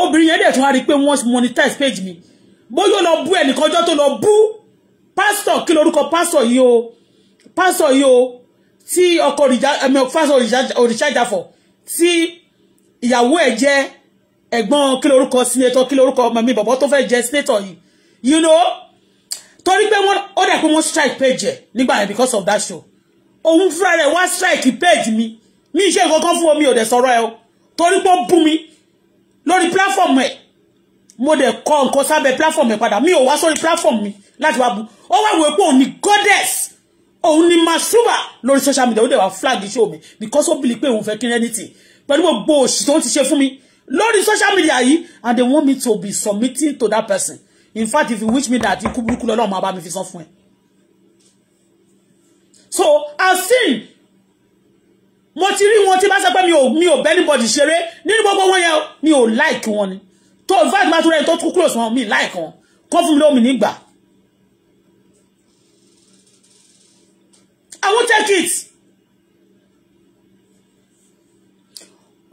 obìnrin yẹn dẹ̀ tún wá rí i pé wọ́n monetize page mi bóyá lọ bú ẹnìkan ọjọ́ tó lọ bú pásítọ̀ kí lorúkọ pásítọ̀ yìí o pásítọ̀ yìí o tí ọkọ òrìṣà ìjàfọ̀ tí ìyàwó ẹ̀ jẹ́ ẹ̀gbọ́n kí lorúkọ sínétọ̀ kí lorúkọ mami bọ̀bọ̀ tó fẹ́ jẹ́ sínétọ̀ yìí you know torí pé wọ́n ó dẹ̀ pé wọ́n strike page ẹ̀ nígbà yẹn because of that show òun fúnra rẹ̀ wá strike page mi mi ṣe ìkọ̀kọ́ fún omi ò dẹ̀ sọ̀rọ̀ ẹ o torí pé ó bú mi lórí platform ẹ̀ mo dẹ̀ kọ nǹkan sábẹ́ platform ẹ̀ padà mi ò wá sórí platform mi láti wá bu ó wá wò pé òun ni goddess òun ni masuba lórí social media ó dẹ̀ wá flag show mi because ó bìlí pé òun fẹ́ kí anything pẹ̀lú gbogbo òṣì tó ń ti ṣe fún mi lórí social media yìí and they want me to be submitting to that person in fact if you wish me that ikú burúkú lọ́lọ́run máa bá mi fi san fún ẹ so asin mo ti rí wọn tí bá sọ pé mi ò mi ò bẹ́ anybody ṣeré nínú gbogbo wọn yẹn mi ò like wọn ni tó in fact máa tún rẹ tó tún close wọn mi like wọn kọ́ fún mi lómi nígbà I won't take it.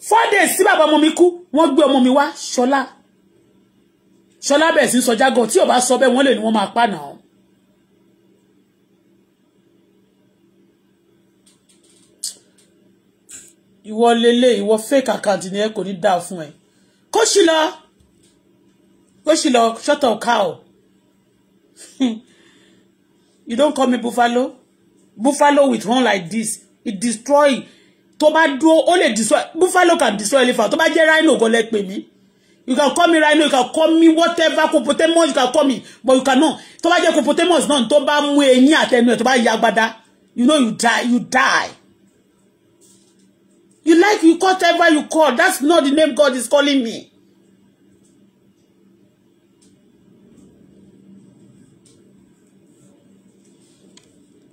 four days tí bàbá ọmọ mi kú wọ́n gbé ọmọ mi wá ṣọlá ṣọlá bẹ̀rẹ̀ sí sọ jágọ̀ tí ò bá sọ bẹ́ẹ̀ wọ́n lè ní wọ́n máa pa náà. ìwọ lélẹ̀ ìwọ fake account ni ẹ kò ní dáa fún ẹ kó sì lọ kó sì lọ shut up cow [laughs] you don't call me buffalo buffalo with horn like this it destroy tó bá dúró ó lè destroy buffalo can destroy elephant tó bá jẹ́ rhino gan lẹ pè you can call me right now you can call me whatever copotemus you can call me but you cannot Toba bá jẹ́ copotemus náà tó bá mú eyín àtẹnu ẹ̀ tó you know you die you die you like you call whatever you call that's not the name God is calling me.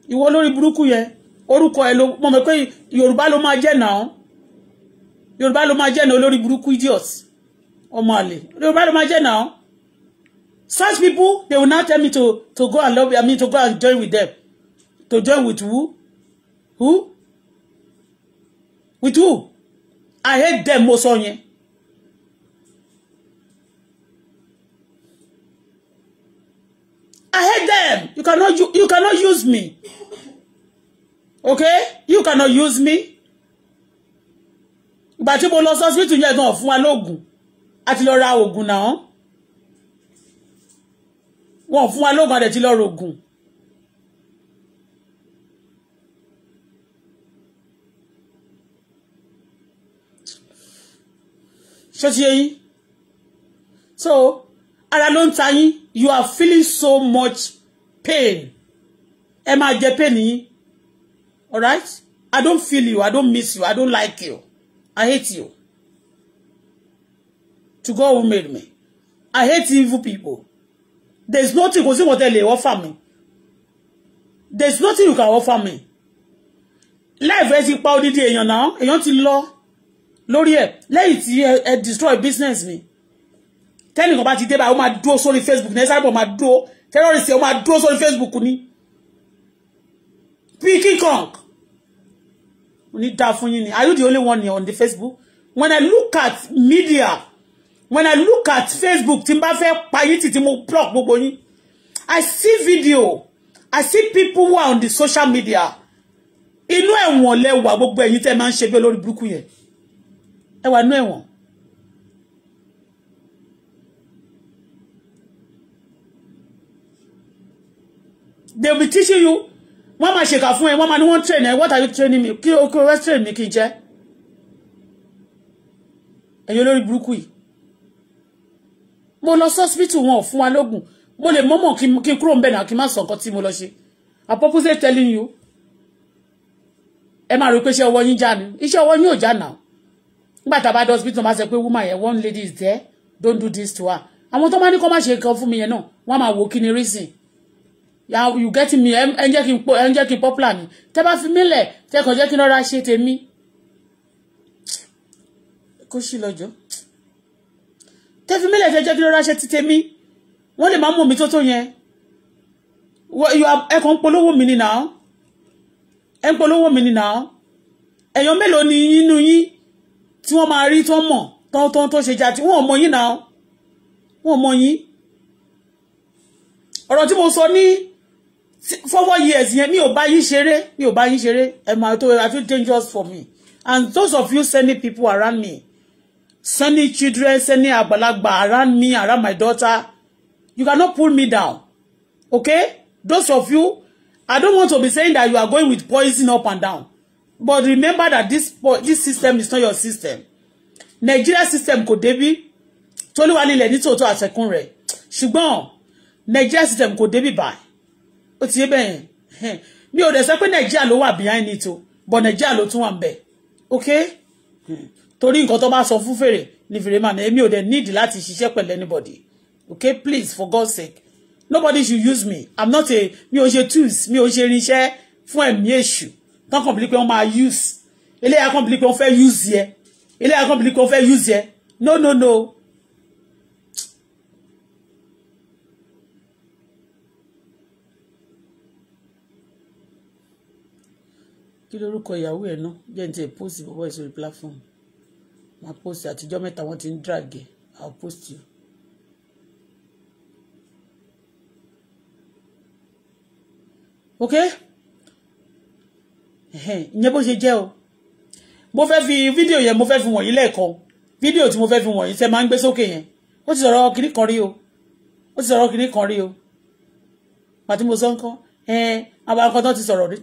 ìwọ lórí burúkú ye. orúkọ ẹ ló mọ̀ mọ̀ pé yorùbá ló máa jẹ́ náà yorùbá ló máa jẹ́ náà olórí burúkú idiot ọmọ àlè yorùbá ló máa jẹ́ náà such people they will now tell me to to go and love I mean to go and join with them to join with who who with who I hate them mo sọ yẹn. I hate them. You cannot you, you cannot use me. Okay? You cannot use me. But you will not sọ́sìbítù yẹn gan-an fún wa lóògùn a ti lọ ra oògùn náà wọn fún wa lóògùn àdẹ̀ ti lọ rògùn ṣé ti yé so ara ló ń ta yín you are feeling so much pain ẹ máa jẹ pain yín alright i don't feel you i don't miss you i don't like you i hate you to God who made me. I hate evil people. There's nothing kò sí wọn offer me. There's nothing you can offer me. Life ẹ ti pa odidi èèyàn náà, èèyàn ti lọ lórí ẹ̀ lẹ́yìn tí ẹ destroy business me. Tell me about today by my door. dúró sórí Facebook ní Ẹ̀sáàbọ̀ máa dúró terrorist ó máa dúró sórí Facebook ni. Pikin Kong. Mo ní dá fún yín are you the only one here on the Facebook? When I look at media, when I look at Facebook tí n bá fẹ́ payí mo block gbogbo yín I see video I see people who are on the social media inú ẹ̀wọ̀n lẹ́wà gbogbo ẹ̀yin tẹ́ máa ń ṣe bí olórí burúkú yẹn ẹ wà nú they will be teaching you wọ́n máa ṣèkà fún ẹ wọ́n máa ní wọ́n train ẹ what are you training me kí o kí o mi kí n jẹ́ ẹ̀yin olórí burúkú mo lọ sọ́sibítù wọn ò fún wa lóògùn mo lè mọ́mọ́ kí n kúrò ńbẹ̀ náà kí n má sọ nǹkan tí mo lọ ṣe I purposely telling you ẹ máa rò pé iṣẹ́ ọwọ́ yín já ni iṣẹ́ ọwọ́ yín ò já náà nígbà tá a bá dé hospital máa sọ pé woman yẹn one lady is there don't do this to her àwọn tó máa ní kó má ṣe nǹkan fún mi yẹn náà wọ́n máa wò kí ni reason you get me ẹ jẹ́ jẹ́ kí n popular ni tẹ́ bá fi mí lẹ̀ tẹ́ kàn jẹ́ kí n rọra ṣe tèmi kó sí lọ́jọ́ tẹ́fí mílẹ̀ fẹ́ jẹ́ kí ló ráṣẹ́ ti tèmi wọ́n lè máa mú omi tó tó yẹn ẹ kàn ń polówó mi ni náà ẹ ń polówó mi ni náà èèyàn mélòó ni nínú yín tí wọ́n máa rí tó mọ̀ tọ́ntọ́n tó ṣe jàdí wọ́n mọ̀ yín náà wọ́n mọ̀ yín ọ̀rọ̀ tí mo sọ ní four years yẹn mi ò bá yín ṣeré mi ò bá yín ṣeré ẹ̀ máa tó I feel dangerous for me and those of you sending people around me sending children, sending àgbàlagbà around me, around my daughter. You cannot pull me down. Okay? Those of you, I don't want to be saying that you are going with poison up and down. But remember that this this system is not your system. Nigeria system kò débi. Tolúwa nílẹ̀ ní tòótọ́ àtẹ̀kùn rẹ̀. Ṣùgbọ́n Nigeria system kò débi báyìí. Ó ti yé bẹ́yẹn. Mi ò dẹ̀ sọ pé Nigeria ló wà behind it o. But Nigeria ló tún wà ń bẹ̀. Okay? Hmm torí nǹkan tó bá sọ fún fèrè ní fèrè máa ní èmi ò dẹ̀ need láti ṣiṣẹ́ pẹ̀lú anybody okay please for God's sake nobody should use me i'm not a mi ò ṣe tools mi ò ṣe irinṣẹ́ fún ẹ̀mí èṣù tán kàn bíi pé wọ́n máa use eléyà kàn bíi pé wọ́n fẹ́ use yẹ eléyà kàn bíi pé wọ́n fẹ́ use yẹ no no no kí lorúkọ ìyàwó ẹ náà jẹ́ ní ti ẹ̀ post bọ́bọ́ ìsòrí platform máa post àtijọ́ mẹ́ta wọ́n ti ń drag i'll post you. ok ìyẹn bó ṣe jẹ́ o mo fẹ́ fi fídíò yẹn mo fẹ́ fi wọ̀nyí lẹ́ẹ̀kan fídíò tí mo fẹ́ fi wọ̀nyí ṣe máa ń gbé sókè yẹn ó ti sọ̀rọ̀ kinní kan rí o ó ti sọ̀rọ̀ kinní kan rí o pàtí mo sọ ń kọ́ ẹ̀ẹ́n àwọn akọ́tọ́ ti sọ̀rọ̀ ní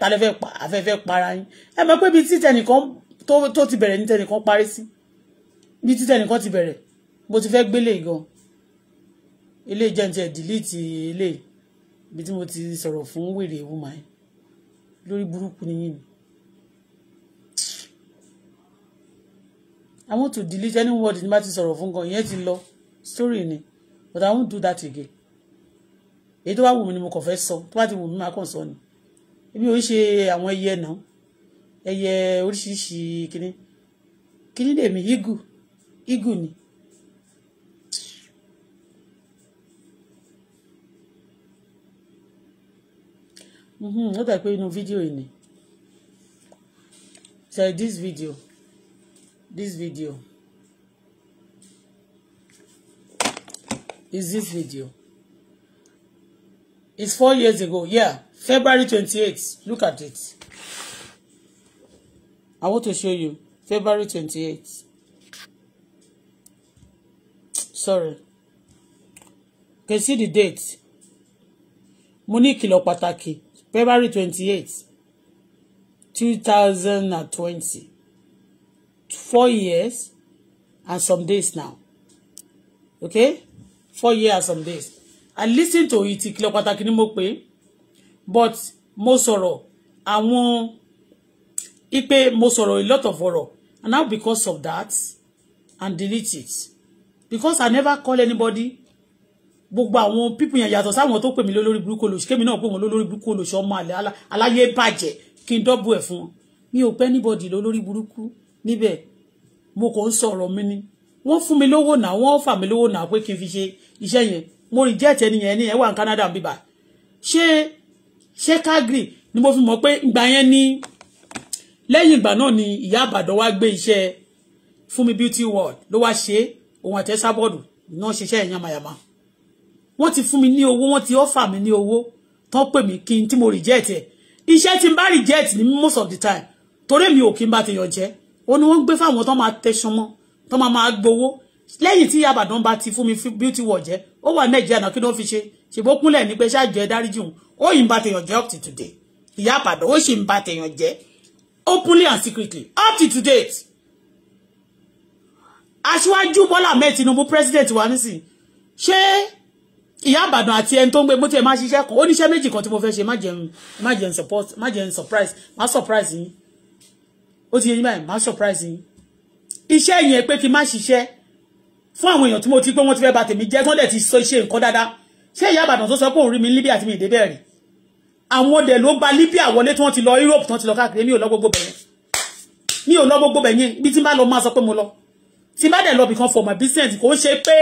talẹ́fẹ́ pa afẹ́fẹ́ para yín ẹ mọ̀ pé ibi títẹ̀ nìkan tó ti bẹ̀rẹ̀ ní tẹnìkan parí sí bí tí tẹnìkan ti bẹ̀rẹ̀ mo ti fẹ́ gbélé gan ilé jẹ́ǹtì ẹ̀ dìlítì ilé ibi tí mo ti sọ̀rọ̀ fún wèrè wúma ẹ̀ lórí burúkú nìyí ni I want to delete any word ní bá ti sọ̀rọ̀ fún gan ìyẹn ti lọ story ni but I won't do that again èyí tó bá wù mí ni mo kàn fẹ́ sọ tó bá ti wù mí máa kàn sọ ni èmi ò ń ṣe àwọn ẹyẹ náà ẹyẹ oríṣiríṣi kìnní kìnní lèmi igu igu ni. Mhm, ó dà pé inú fídíò yìí ni so this video this video is this video it's four years ago yeah February twenty-eight look at it I want to show you February 28th. Sorry. Can see the date. Mo ní ìkìlọ̀ pàtàkì February 28th, 2020. Four years and some days now. Okay? Four years and some days. I listened to it, ìkìlọ̀ pàtàkì ni mo pè é. But mo sọ̀rọ̀ ipe mo sọ̀rọ̀ a lot of ọ̀rọ̀ and now because of that and delete it because I never call anybody gbogbo àwọn pípù yẹn yàtọ̀ sáwọn tó pè mí lólórí burúkú olóṣù kémi náà pè wọ́n lólórí burúkú olóṣù ọmọ àlẹ́ aláyé bàjẹ́ kí n dọ́bù ẹ̀ fún wọn mi ò pẹ́ anybody lólórí burúkú níbẹ̀ mo kàn ń sọ̀rọ̀ mi ni wọ́n fún mi lówó náà wọ́n fà mí lówó náà pé kí n fi ṣe iṣẹ́ yẹn mo reject ẹni yẹn ẹni yẹn wà ní Canada bíbà ṣé ṣé calgary ni mo fi mọ̀ pé ìgbà yẹn ni lẹ́yìn ìgbà náà ni ìyá àbàdàn wá gbé iṣẹ́ Fúnmi Beauty World ló wá ṣe ohun àtẹ́sábọ́ọ̀dù náà ṣiṣẹ́ ẹ̀yàn mayama wọ́n ti fún mi ní owó wọ́n ti ọ́fà mi ní owó tán pè mí kí n tí mo reject ẹ̀ iṣẹ́ tí n bá reject ní most of the time torí mi ò kí n bá ti yọ jẹ́ ó ní wọ́n ń gbé fáwọn tán máa tẹṣan mọ́ tán máa máa gbowó lẹ́yìn tí àbàdàn bá ti fún mi Beauty World jẹ́ ó wà nàìjíríà náà kí ló fi ṣe ṣèbó kúnlẹ̀ ní pé ṣáàjọ ẹ dáríjì òun ó yìí ń bá tèèyàn jẹ́ up to today ìyá àbàdàn ó sì ń bá tèèyàn jẹ́ openly and secretly up to date aṣíwájú Bọ́lá Ahmed Tinubu president wa nísìn ṣé ìyá Ìbàdàn àti ẹni tó ń gbé bó tiẹ̀ máa ṣiṣẹ́ kan ó méjì kan tí mo fẹ́ ṣe má jẹun má support má jẹun surprise má surprise yín ó ti yẹ yín báyìí má surprise yín iṣẹ́ yẹn pé kí n má ṣiṣẹ́ fún àwọn èèyàn tí mo ti pé wọ́n ti fẹ́ bà tèmi jẹ́ tí wọ́n dẹ̀ ti sọ iṣẹ́ nǹkan dáadáa ṣé ìyá Ìbàdàn tó sọ pé òun rí mi níbí àti mi ìdébẹ̀rẹ̀ àwọn dẹ̀ ló gba Libya wọlé tí wọ́n ti lọ Europe tí wọ́n ti lọ káàkiri mi ò lọ gbogbo bẹ̀yẹn mi ò lọ gbogbo bẹ̀yẹn bí tí n bá lọ máa sọ pé mo lọ tí n bá dẹ̀ lọ bìkan for my business kò ṣe pé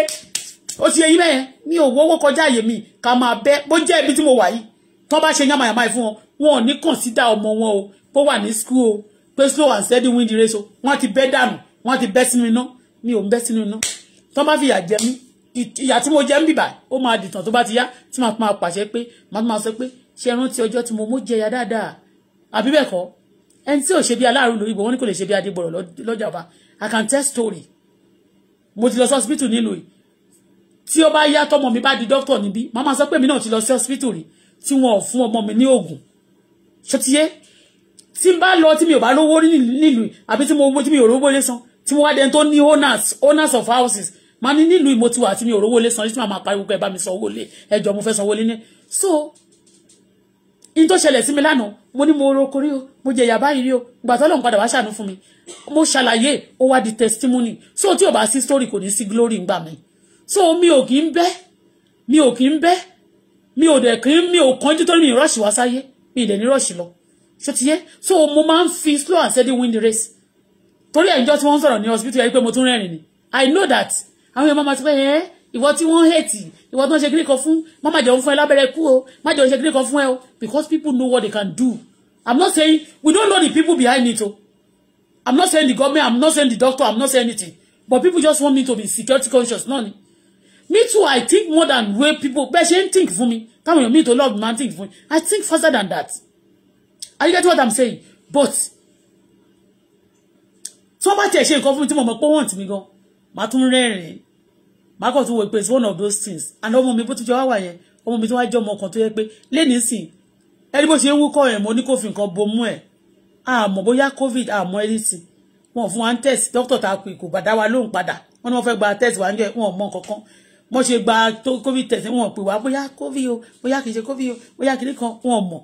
ó ti eyín mẹ́yẹn mi ò wọ́wọ́ kọjá àyè mi ká máa bẹ́ bó jẹ́ ibi tí mo wà yìí tán bá ṣe yánmayàmá yìí fún wọn wọn ò ní consider ọmọ wọn o bó wà ní school o pé slow and steady win the race o wọ́n ti bẹ́ dànù wọ́n ti bẹ́ sínú iná mi ò ń bẹ́ sínú iná tán bá fi ìyà jẹ mí ìyà tí mo jẹ ń bìbà ó máa dìtàn tó bá ti yá tí màá máa pàṣẹ pé màá máa sọ pé ṣe rántí ọjọ́ tí mo mú jẹyà dáadáa àbí bẹ́ẹ̀ kọ́ ẹni tí ò ṣe bí aláàrú lórí ìbò wọn ní kò lè ṣe bí adébọ̀rọ̀ lọ́jà ọba I can tell story mo ti lọ sí hospital nílùú yìí tí ó bá yá tọmọ mi bá di doctor níbí màmá sọ pé mi náà ti lọ sí hospital rí tí wọn ò fún ọmọ mi ní oògùn ṣọtiyé tí n bá lọ tí mi ò bá lówó nílùú àbí tí mo tí mi ò rówó lé tí mo wá dẹni tó ní owners owners of houses màá ní nílùú ìmọ̀tiwà àti mi ò rówó lé san yìí tí màmá pariwo pé ẹ bá mi san lé ẹjọ́ mo fẹ́ san lé ní so in tó ṣẹlẹ̀ sí mi lánàá mo ní mo roko rí o mo jẹ ìyà báyìí rí o ìgbà tó lóun padà wá ṣàánú mi mo ṣàlàyé ó wá di testimony so tí ò bá sí story kò ní sí glory ńgbà mi so mi ò kì í mi o kì í mi o dẹ̀ kì í mi ò kánjú tó ní ìrọ́ọ̀ṣì wá sáyé mi de ni rush lo. So ṣó ti yẹ so mo máa ń fi slow and steady win the race torí ẹ̀jọ́ tí wọ́n ń sọ̀rọ̀ ní hospital yẹn pé mo tún rẹ́rìn ni I know that àwọn èèyàn máa ti pẹ́ ẹ́ ìwọ tí wọ́n hate ìwọ tó ń ṣe kíní kan fún má má jẹun fún ẹ lábẹ́rẹ́ kú o má jẹun ṣe kíní kan fún ẹ o because people know what they can do i'm not saying we don't know the people behind it o i'm not saying the government i'm not saying the doctor i'm not saying anything but people just want me to be security conscious náà ni me too i think more than way people bẹ́ẹ̀ ṣe ń think fún mi táwọn èèyàn mi tó love man think for me. i think faster than that are you get what i'm saying but tí wọ́n bá tiẹ̀ ṣe nǹkan fún mi tí mo mọ̀ pé wọ́n ti mi gan màá màá tún wo pé it's one of those things and ọmọ mi bó tún jọ wá wà yẹn ọmọ mi tún wá jẹ́ ọmọ kan tó yẹ pé lẹ́ni sìn ẹni bó ṣe ń wúkọ́ ẹ̀ mo ní kó fi nǹkan bomú ẹ̀ àmọ́ bóyá covid àmọ́ ẹni sìn wọn fún wa ń test doctor ta pé kò bàdá wa lóhùn padà wọn ni wọn fẹ́ gba test wa ń jẹ wọn mọ kankan wọn ṣe gba covid test wọn pè wá bóyá covid o bóyá kì í ṣe covid o bóyá kì í kan wọn mọ̀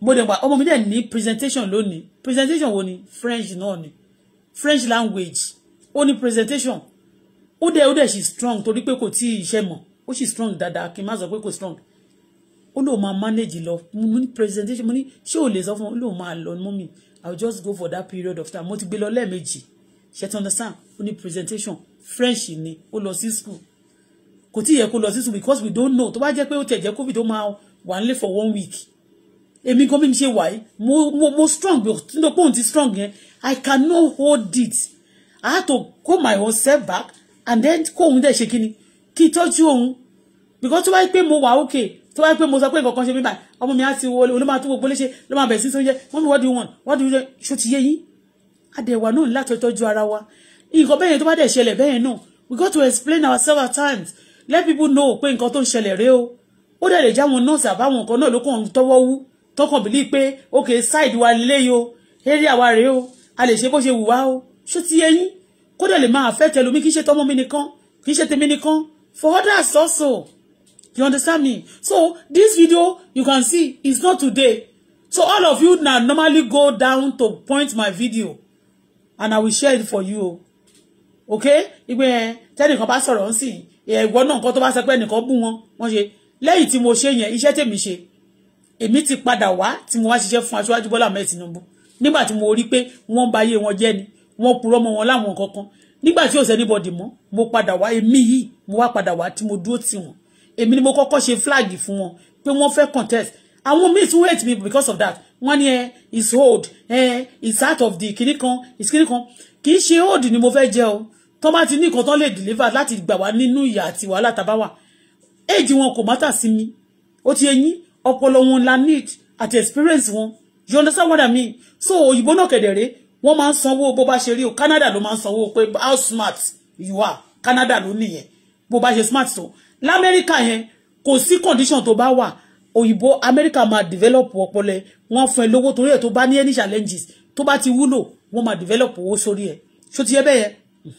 mo dẹ̀ gba ọmọ mi dẹ̀ ní presentation lónìí presentation wo ni French náà ni French language ó ní presentation ó dẹ̀ ó dẹ̀ ṣì strong torí pé kò tí ì iṣẹ́ mọ̀ ó ṣì strong dáadáa kí n má sọ pé kò strong ó lóun máa manage lọ mo ní presentation mo ní ṣé ò lè sọ fún un ó lóun máa lọ mú mi i will just go for that period of time mo ti gbé lọ lẹ́ẹ̀mejì ṣe ti understand ó ní presentation french ni ó lọ sí school kò tí ì yẹ kó lọ sí school because we don't know tó bá jẹ́ pé ó tẹ̀jẹ́ covid ó máa wà nílé for one week èmi gan bí mi ṣe wà yìí mo mo mo strong bí o tí n tó ti strong yẹn i cannot hold it i had to call my own self back and then kóhun dẹ̀ ṣe kíni kí tọ́jú òun because tó bá yẹ pé mo wà okay tó bá yẹ pé mo sọ pé nǹkan kan ṣe mí báyìí ọmọ mi á ti wọlé olóma tó gbogbo léṣe ló máa bẹ̀rẹ̀ sí sóúnjẹ mọ́mí what do you want what do you want ṣó ti yé yín adẹ̀wà náà láti tọ́jú ara wa nǹkan bẹ́ẹ̀ yẹn tó bá dẹ̀ ṣẹlẹ̀ bẹ́ẹ̀ náà we got to explain ourselves at times let people know pé nǹkan tó ń ṣẹlẹ̀ rèé o ó dẹ̀ lè já wọn nọ́ọ̀sì àbáwọn nǹkan náà ló kàn tọ́wọ́ wú tọkàn bìlí pé okay side wa lélẹ́yìí o area wa rèé o a lè ṣe bó ṣe wù wá o ṣó ti yé yín kó dẹ̀ lè máa affect ẹlòmí kì í ṣe tọmọ mi nìkan kì í ṣe tèmi nìkan for others also you understand me so this video you can see is not today so all of you na normally go down to point my video and I will share it for you okay ìgbẹ́ tẹ́nìkan bá sọ̀rọ̀ ń sìn ẹ̀gbọ́ náà nǹkan tó bá sọ pé ẹnìkan bú wọn wọ́n ṣe lẹ́yìn tí mo ṣe yẹn iṣẹ́ tèmi ṣe èmi ti padà wá tí mo wá ṣiṣẹ́ fún Aṣíwájú Bọ́lá Ahmed Tinubu nígbà tí mo rí pé wọ́n bà wọn jẹ́ ni wọ́n purọ́ mọ́ wọn láwọn kankan nígbà tí ò sẹ́ níbọ̀dì mọ́ mo padà wá èmi yìí mo wá padà wá tí mo dúró tì wọ́n èmi ni mo kọ́kọ́ ṣe flag fún wọn pé wọ́n fẹ́ contest àwọn míì tún Wait me because of that wọ́n ní ẹ eh, is old ẹ eh, is out of the kìnnì kan is kìnnì kan kì í ṣe old ni mo fẹ́ jẹ́ o tó bá ti ní nǹkan tó lè deliver láti gbà wá nínú ìyà àti wàhálà tàbá wà éèjì wọn kò mátà sí mi ó ti eyín ọpọlọ wọn la need àti experience wọn you understand what I mean so òyìnbó náà kẹ̀dẹ̀ wọ́n máa ń sanwó bó bá ṣe rí o Canada ló máa ń sanwó pé how smart you are Canada ló nìyẹn bó bá ṣe smart tó lamẹ́ríkà yẹn kò sí condition tó bá wà òyìnbó amẹ́ríkà máa develop ọpọlẹ wọ́n fún ẹ lówó torí ẹ̀ tó bá ní any challenges tó bá ti wúlò wọ́n máa develop owó sórí ẹ̀ ṣó ti yẹ bẹ́ẹ̀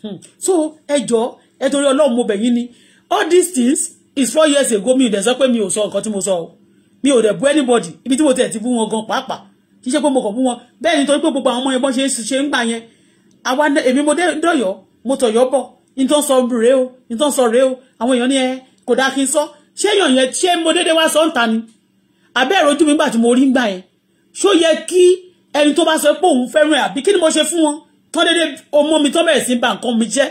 hmm. so ẹ jọ ẹ torí ọlọ́run mo bẹ̀ ni all these things is four years ago mi ò dẹ̀ sọ pé mi ò sọ nǹkan tí mo sọ o mi ò dẹ̀ bu anybody ibi tí mo tẹ̀ ti bú wọn gan pàápàá kì í ṣe pé mo kàn mú wọn bẹ́ẹ̀ ni torí pé gbogbo àwọn ọmọ yẹn bọ́n ṣe ṣe ń gbà yẹn àwa èmi mo dọ̀yọ́ mo tọ̀yọ́ bọ̀ ní tó ń sọ rèé o ní tó ń sọ rèé o àwọn èèyàn ní ẹ kò dáa kí n sọ ṣé èèyàn yẹn ṣé mo déédéé wá sọ ń ta ni àbẹ́ ìrojú mi gbà tí mo rí ń gbà yẹn ṣó yẹ kí ẹni tó bá sọ pé òun fẹ́ràn ẹ̀ àbí kí ni mo ṣe fún wọn tán déédéé ọmọ mi tán bẹ̀rẹ̀ sí bà nǹkan mi jẹ́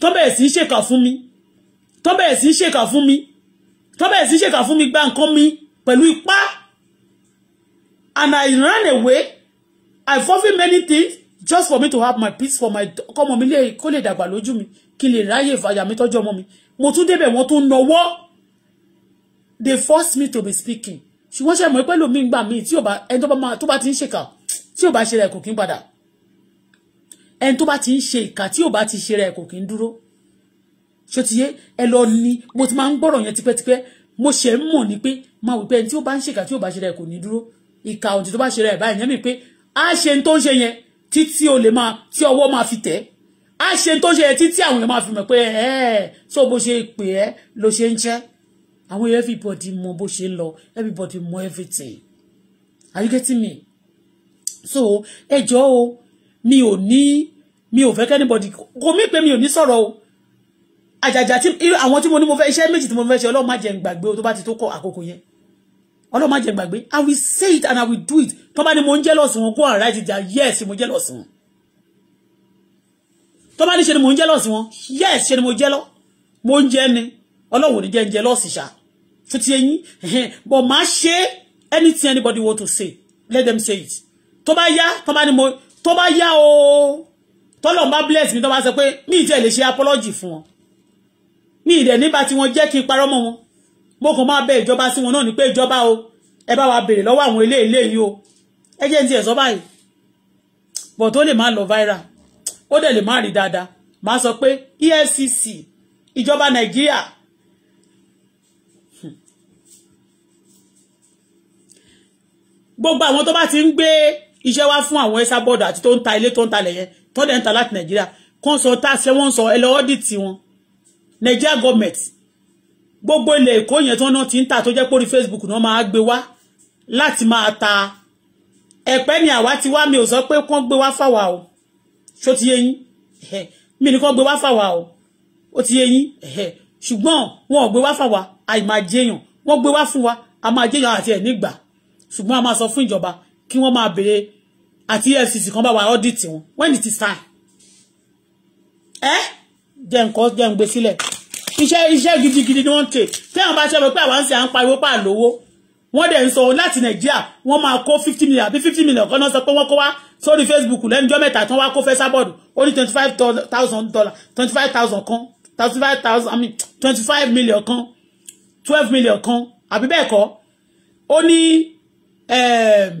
tán bẹ̀rẹ̀ sí ṣèkà fún mi tán bẹ̀rẹ̀ sí ṣèkà fún mi tán bẹ̀rẹ̀ sí ṣèkà fún mi gba nǹkan mi pẹ̀lú ipá And I ran away. I forfeit many things just for me to have my peace for my come, mi lè kó lè dàgbà lójú mi kí n lè ráyè ìfàyà mi tọ́jú ọmọ mi. Mo tún débẹ̀ wọ́n tún nọwọ́. They forced me to be speaking. She ṣe mọ̀ pé lómi ń gbà mí tí ò bá ẹni tó bá máa tó bá ti ń ṣèkà tí ò bá ṣe rẹ̀ kò kí ń padà. Ẹni tó ti ń ṣe ti ṣe rẹ̀ kò kí ń dúró. Ṣòtìyé ẹ lọ ni mo ti máa ń gbọ́rọ̀ tipe tipẹ́tipẹ́ mo ṣe ń pe ma pé máa wípé ẹni tí ba bá ń ṣèkà tí ò bá ṣe rẹ̀ kò ní dúró ìka òdì tó bá ṣe rẹ̀ báyìí yẹn mi pé á ṣe ní tó ń ṣe yẹn títí o lè máa tí ọwọ́ máa fi tẹ̀ á ṣe ní tó ń ṣe yẹn títí àwọn èèyàn máa fi mọ̀ pé ẹ̀ ẹ́ so bó ṣe pè ẹ́ ló ṣe ń jẹ́ àwọn èèyàn everybody mọ bó ṣe ń lọ everybody mọ everything are you getting me so ẹ jọ̀ọ́ o mi ò ní mi ò fẹ́ kẹ́ anybody kò mí pé mi ò ní sọ̀rọ̀ o àjàjà tí àwọn tí mo ní mo fẹ́ iṣẹ́ méjì tí mo fẹ́ ṣe ọlọ́run má jẹ́ n gbàgbé o tó bá ti tó kọ àkókò yẹn ọlọ́run má jẹ́ gbàgbé i will say it and i will do it tó bá ní mo ń jealous wọn go and write it down yes mo jealous wọn tó bá ní ṣe ni mo ń jealous wọn yes ṣe ni mo jealous mo ń jẹ́ ni ọlọ́run ò ní jẹ́ ń jealous ṣá tó ti ẹ̀yìn but má ṣe anything anybody want to say let them say it tó bá yá tó bá ní mo tó bá yá o tọ́lọ̀ bá bless mi tó bá sọ pé mi ì tẹ̀ ṣe apology fún wọn mi ì dẹ̀ nígbà tí wọ́n jẹ́ kí n parọ́ mọ́ wọn mo kàn máa bẹ ìjọba sí wọn náà ni pé ìjọba o ẹ bá wa béèrè lọ́wọ́ àwọn ilé ilé yìí o ẹ jẹ́ ní ti ẹ̀sọ́ báyìí bọ̀ tó lè má lọ viral ó dẹ̀ lè má rí dáadáa máa sọ pé EFCC ìjọba Nàìjíríà gbogbo àwọn tó bá ti ń gbé iṣẹ́ wá fún àwọn ẹ̀sà bọ́ọ̀dù àti tó ń ta ilé tó ń talẹ̀ yẹn tó dẹ̀ ń ta láti Nàìjíríà kọ́ńsọ̀ tá a ṣe wọ́n sọ ẹ lọ́wọ́ tiwọn Nigeria government gbogbo ilẹ̀ èkó yẹn tí wọ́n náà ti ń tà tó jẹ́ pórí facebook náà máa gbé wá láti máa ta ẹ̀pẹ́ ni àwa ti wá mi ò sọ pé kán gbé wá fáwa o ṣó ti yé mi ni kán gbé wá fáwa o ó ti yé yín ṣùgbọ́n wọn ò gbé wá fáwa àìmàjẹyàn wọ́n gbé wá fún wa a máa jẹyàn àti ẹ̀ nígbà ṣùgbọ́n a máa sọ fún ìjọba kí wọ́n máa béèrè àti efcc kan bá wa ọ́dìtì wọn when it is time ẹ jẹ́ nǹkan jẹ́ ń gbé sílẹ̀ iṣẹ́ iṣẹ́ gidigidi ni wọ́n ń tè téèyàn bá ṣe pé àwọn ń ṣe à ń pariwo pa àlówó wọ́n dẹ̀ ń sọ láti nàìjíríà wọ́n máa kó fifty million àbí fifty million kan náà sọ pé wọ́n kó wá sórí facebook lẹ́nujọ́ mẹ́ta tán wá kó fẹ́ sábọ̀dù ó ní twenty five thousand dollar twenty five thousand kan twenty five thousand i mean twenty five million kan twelve million kan àbí bẹ́ẹ̀ kọ́ ó ní ehm,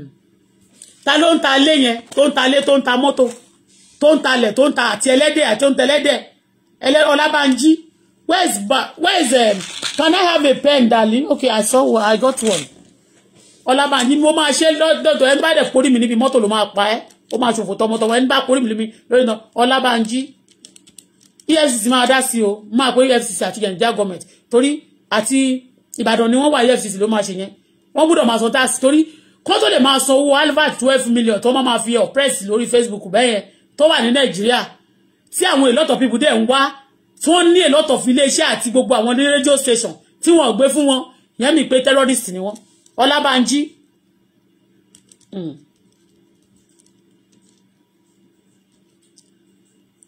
ta ló ń ta ilé yẹn tó ń ta ilé tó ń ta mọ́tò tó ń talẹ̀ tó ń ta àti ẹlẹ́dẹ̀ àti tó ń tẹlẹ́dẹ̀ ọlábànjí Where's but where's um can I have a pen darling? Okay, I saw I got one. Ọlábà ni mo máa ṣe lọ́dọ̀ ẹ bá dẹ̀ kórì mi níbi mọ́tò ló máa pa ẹ́. Ó máa ṣòfò tọmọtọmọ ẹni bá kórì mi níbi lórí náà. Ọlábànjí EFCC máa dá sí o. Máa pé EFCC àti Nàìjíríà gọọmẹ̀ntì torí àti Ìbàdàn ni wọ́n wà EFCC ló máa ṣe yẹn. Wọ́n gbọ́dọ̀ máa sọ táàsì torí kó tó lè máa san owó alvat twelve million tó máa fi press lórí Facebook bẹ́yẹn tó wà ní Nàìjíríà tí àwọn a lot of people there ń wá tí wọ́n ní a lot of iléeṣẹ́ àti gbogbo àwọn ní radio station tí wọ́n gbé fún wọn ìyẹn mi pé terrorist ni wọ́n Ọlábánjí hmm.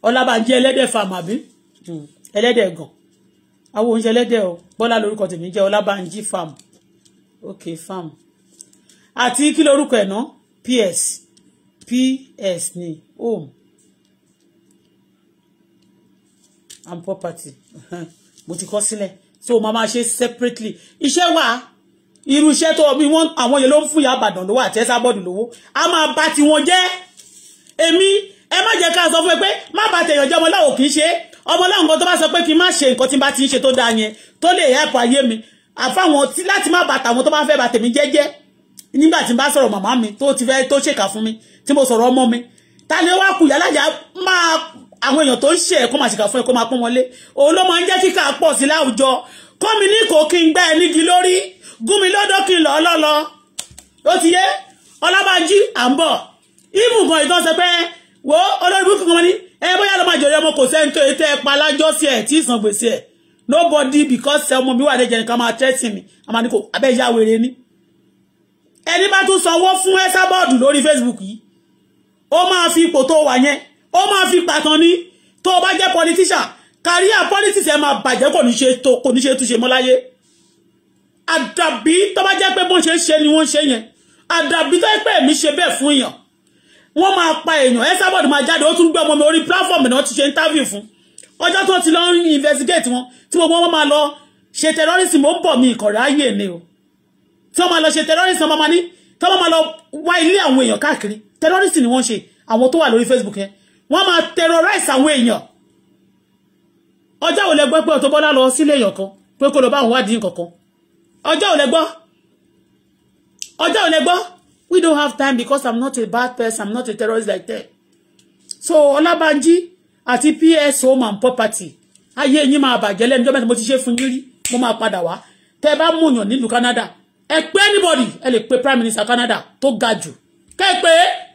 Ọlábánjí ẹlẹ́dẹ̀ fàmàbí hmm. ẹlẹ́dẹ̀ gan àwọn oúnjẹ ẹlẹ́dẹ̀ o Bọ́lá lórúkọ tèmi jẹ́ Ọlábánjí farm ok farm àti kí lórúkọ ẹ̀ ná ps ps ni home. and property [laughs] mo ti kọ sílẹ̀ so Mama máa ṣe separately iṣẹ́ wà irú iṣẹ́ tó bí wọ́n àwọn yẹn ló ń fún ìyá àbàdàn lówó àti ẹ̀sà bọ́ọ̀dù lówó a máa bá tiwọn jẹ́ èmi ẹ má jẹ́ ká sọ fún ẹ pé má bá tẹ̀yàn jẹ́ ọmọ láwò kì í ṣe ọmọ láwọn nǹkan tó bá sọ pé kí n má ṣe nǹkan tí n bá ti ń ṣe tó dáa yẹn tó lè help ayé mi àfáwọn tí láti má bàtà àwọn tó bá fẹ́ bà tèmi jẹ́jẹ́ nígbà tí n bá sọ̀rọ̀ màmá mi tó ti fẹ́ tó ṣèkà fún mi tí mo sọ̀rọ̀ ọmọ mi ta ni ó wá kù yálàjà máa àwọn èèyàn tó ń ṣe ẹ̀ kó máa ṣìkà fún ẹ kó máa pọ́n wọlé òun ló máa ń jẹ́ kíkà pọ̀ sí láwùjọ kọ́ mi ní kò kí n gbá ẹ nígi lórí gún mi lọ́dọ̀ kí n lọ́ lọ́lọ́ ó ti yé ọlọ́bàájí à ń bọ̀ ìmù gan ìtàn sọ pé wo olórí búkú kan ní ẹ bóyá ló máa jọ̀rọ̀ ọmọ kò sẹ́ni tó yẹ tẹ́ ẹ pa lájọ́sí ẹ̀ tí ìsàn gbèsè ẹ̀ nobody because ọmọ mi wà lẹ́jẹ̀ nìkan máa tẹ́sí mi àmà ní kò abẹ́ ìyá wèrè ni ẹni bá tún sanwó fún ẹ́sà bọ́ọ̀dù lórí Facebook yìí ó máa fi ipò tó wà yẹn ó máa fi pàtàn ni tó o bá jẹ́ politician career politics ẹ máa bàjẹ́ kò ní to tó kò ní ṣe túnṣe mọ́ láyé àdàbí tó bá jẹ́ pé bó ṣe ṣe ni wọ́n ṣe yẹn àdàbí tó jẹ́ pé èmi ṣe bẹ́ẹ̀ fún èèyàn wọ́n máa pa èèyàn ẹ sábọ̀dù máa jáde ó tún gbé ọmọ mi orí platform náà ti ṣe interview fún ọjọ́ tó ti lọ investigate wọn tí gbogbo wọn máa lọ ṣe terrorism ó ń bọ̀ mi ìkọ̀rẹ́ ayé ni o tí wọ́n máa lọ ṣe terrorism ọmọ ma ní tí wọ́n máa lọ wá ilé àwọn èèyàn terrorism ni wọ́n ṣe àwọn tó wà lórí Facebook yẹn wọ́n máa terrorize àwọn èèyàn ọjọ́ ò lẹ́gbọ́ pé Auto Bola lọ sílé èèyàn kan pé kó lọ bá àwọn wádìí kankan ọjọ́ ò lẹ́gbọ́ ọjọ́ ò lẹ́gbọ́ we don't have time because i'm not a bad person i'm not a terrorist like that so Ọlábánjí àti ps home and property ayé yín máa bàjẹ́ lẹ́nu jọ́mẹ́ta mo ti ṣe fún yín rí mo máa padà wá tẹ́ bá múyàn nílùú Canada ẹ pé anybody ẹ lè pe prime minister Canada tó ga jù kẹ́ pé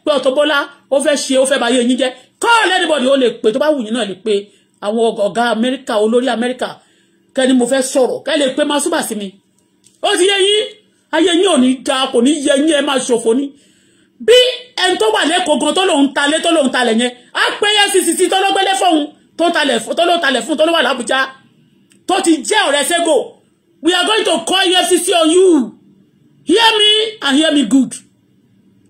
pé Auto Bola ó fẹ́ ṣe ó fẹ́ báyé yín jẹ́ call anybody ó lè pè tó bá wù yín náà lè pè àwọn ọ̀gá amẹ́ríkà olórí amẹ́ríkà kẹ́ni mo fẹ́ sọ̀rọ̀ kẹ́ lè pè máa súbà sí mi ó ti yé yín ayé yín ò ní da kò ní yẹ yín ẹ máa ṣòfò ni bí ẹni tó wà lẹ́kọ̀ọ́ gan tó lòun talé tó lòun talẹ̀ yẹn á pé fcc tó ló gbélé fóun tó ló talẹ̀ fún tó ló wà lábújá tó ti jẹ́ ọ̀rẹ́ sẹ́gò we are going to call fcc on you hear me and hear me good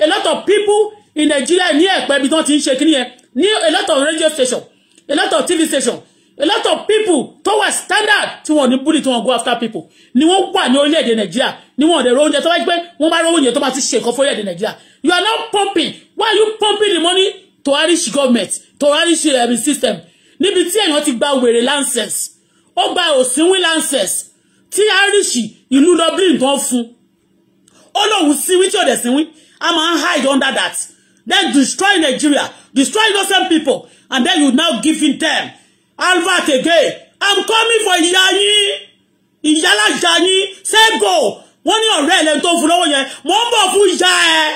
a lot of people in Nigeria ní ẹ̀pẹ́ ibi tán ti ń ṣe kíní yẹn ní a lot of radio station a lot of TV station a lot of people tó wà standard tí wọn ò ní bully tí wọn go after people ni wọ́n wà ní orílẹ̀-èdè Nigeria ni wọn ò dẹ̀ oúnjẹ tó bá gbé wọn bá rówó oúnjẹ tó bá ti ṣe nǹkan fún orílẹ̀-èdè Nigeria you are not pumping why are you pumping the money to Irish government to Irish um, system níbi tí èèyàn ti gba wèrè lances ó gba òsínwín lances tí Irish ìlú Dublin tó ń fún ó lóun síwí tí ò dẹ̀ síwí a máa ń hide under that Then destroy Nigeria, destroy innocent people, and then you now giving them advert again. I'm coming for ìyá yín, ìyá lájà yín, same goal. Wọ́n ní ọ̀rẹ́ ẹ̀ lẹ́nu tó fún lọ́wọ́ yẹn, mò ń bọ̀ fún ìyá ẹ̀.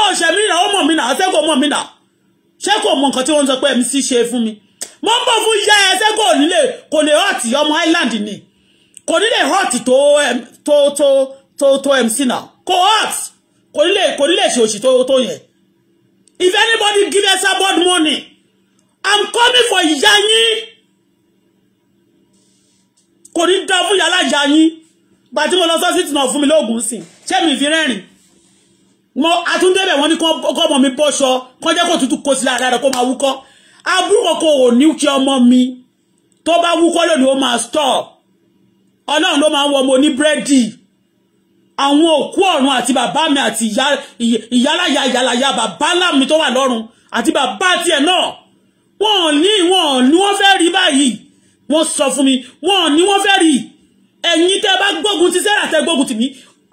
Ó ṣe mí nà, ó mọ̀ mí nà, ṣé kò mọ̀ mí nà? Ṣé kò mọ nǹkan tí wọ́n ń sọ pé MC ṣe fún mi? Mò ń bọ̀ fún ìyá ẹ̀, ṣé kò nílé kò to to to to ni? Kò nílé hot tó tó tó tó tó MC nà, kò hot kò ní lè kò ní lè ṣe òṣì tó tó yẹ if anybody give us about money i'm coming for ìyá yín kò ní dá fún yàrá ìyá yín gbà tí mo lọ sọ́sìtì náà fún mi lóògùn sí ṣé mi fi rẹ́rìn mo àtúndébẹ̀ wọn ní kọ́ ọmọ mi bọ́ṣọ kọ́ jẹ́ kó tutù kó sí lára rẹ̀ kó máa wúkọ́ aburúkọ kò ò ní kí ọmọ mi tó bá wúkọ́ lónìí ó máa stop ọlọ́run ló máa ń wọ ọmọ oní búrẹ́dì àwọn òkú ọ̀run àti bàbá mi àti ìyálàyà ìyálàyà bàbá láàmì tó wà lọ́run àti bàbá tiẹ̀ náà wọ́n ní wọ́n ní wọ́n fẹ́ rí báyìí wọ́n sọ fún mi wọ́n ní wọ́n fẹ́ rí ẹ̀yin tẹ́ bá gbógun ti sẹ́rà tẹ́ gbógun tì mí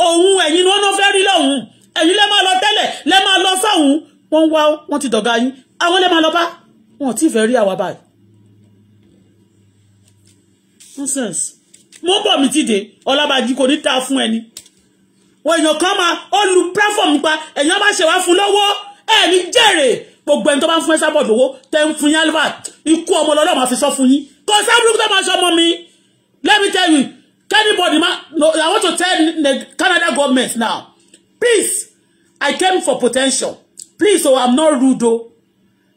òun ẹ̀yin ni wọ́n náà fẹ́ rí lọ́hùn ẹ̀yin lẹ́ máa lọ tẹ́lẹ̀ lẹ́ máa lọ sọ́hùn wọ́n wá wọ́n ti dọ̀gá yín àwọn lẹ́ máa lọ bá wọn ò tí fẹ́ rí àwa báyìí. nonsense mo bọ̀ mi ti dé ọlábàjì kò ní ta fún ẹni o èèyàn kan máa ó lu platform pa èèyàn máa ṣèwà fún lọ́wọ́ ẹ̀ ní jèrè gbogbo ẹni tó bá ń fún ẹ sábọ̀ lówó tẹ ń fún yín alva ikú ọmọ lọ́dọ̀ máa fi sọ fún yín kò sábúrúkú tó máa ṣe ọmọ mi let me tell you anybody ma no I want to tell the Canada government now please I came for potential please o oh, I'm not rude o oh.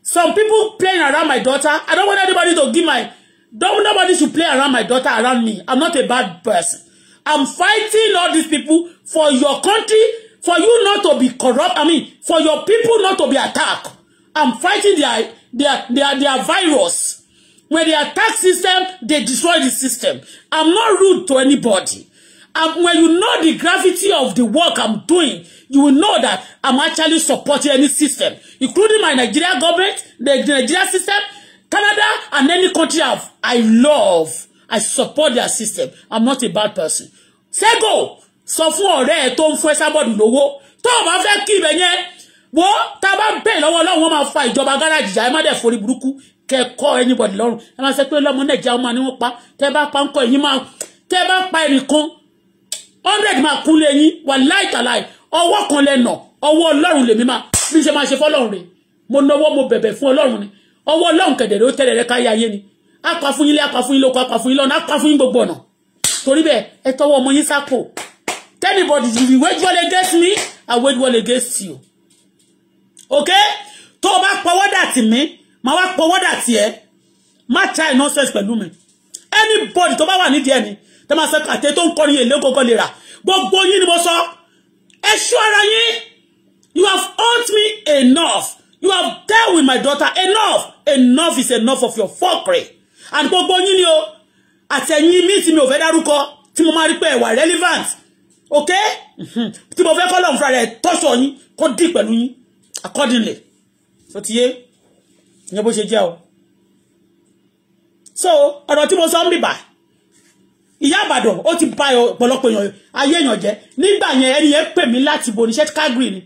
some people playing around my daughter I don't want anybody to give my don't nobody should play around my daughter around me I'm not a bad person I'm fighting all these people for your country, for you not to be corrupt. I mean, for your people not to be attacked. I'm fighting their their their, their virus. When they attack system, they destroy the system. I'm not rude to anybody. And when you know the gravity of the work I'm doing, you will know that I'm actually supporting any system, including my Nigeria government, the Nigeria system, Canada, and any country I love. I support their system. I'm not a bad person. Say go. fún ọ̀rẹ́ ẹ tó ń fún ẹ sábọ̀dù lówó tó o bá fẹ́ kí ibẹ̀ yẹn wo tá a bá bẹ̀ lọ́wọ́ ọlọ́run wọn máa fa ìjọba gáràjì jà ẹ má dẹ̀ forí burúkú kẹ́kọ́ anybody lọ́rùn ẹ máa sọ pé lọ́mọ nàìjíríà wọn máa ní wọ́n pa tẹ́ bá pa ń kọ́ ẹ̀yìn máa tẹ́ bá pa ẹnìkan hundred máa kú lé yín wà láì tàláì ọwọ́ kan lẹ nà ọwọ́ ọlọ́run lèmi máa bí ṣe máa ṣe fọ́lọ́run rè mo náwó mo bẹ̀bẹ̀ fún ọlọ́run ni ọwọ́ ọlọ́run kẹ̀dẹ̀ ló tẹ́lẹ̀ rẹ káyé ayé ni akọ fún yín akọ fún yín lóko akọ fún yín lọ́nà akọ fún gbogbo ọ̀nà torí bẹ́ẹ̀ ẹ tọwọ́ ọmọ yín sápò anybody if you wage war against me i wage war against you okay tó o bá pọwọ́ dà tì mí màá wá pọwọ́ dà tì ẹ́ má try nonsense pẹ̀lú mi anybody tó bá wà nídìí ẹni tẹ́ máa sọ kàtẹ tó ń kọrin èlé kọ́kọ́ lè rà gbogbo yín ni mo sọ ẹ ṣú ara yín you have hurt me enough you have dealt with my daughter enough enough is enough of your fuckery àti gbogbo yín ni o àtẹ̀yìn mi tí mi ò fẹ́ dárúkọ tí mo máa rí pé ẹ wà relevant ok [laughs] tí mo fẹ́ kọ́ lọ́n fúnra rẹ̀ tọ́sọ̀ yín kó dì pẹ̀lú yín accordingly so ti yé ìyẹn bó ṣe jẹ́ o so ọ̀rọ̀ tí mo sọ ń bìbà ìyá àbàdàn ó ti ba ọ̀pọ̀lọpọ̀ èèyàn ayé èèyàn jẹ́ nígbà yẹn ẹni yẹn pè mí láti bo níṣẹ́ kágìrì ni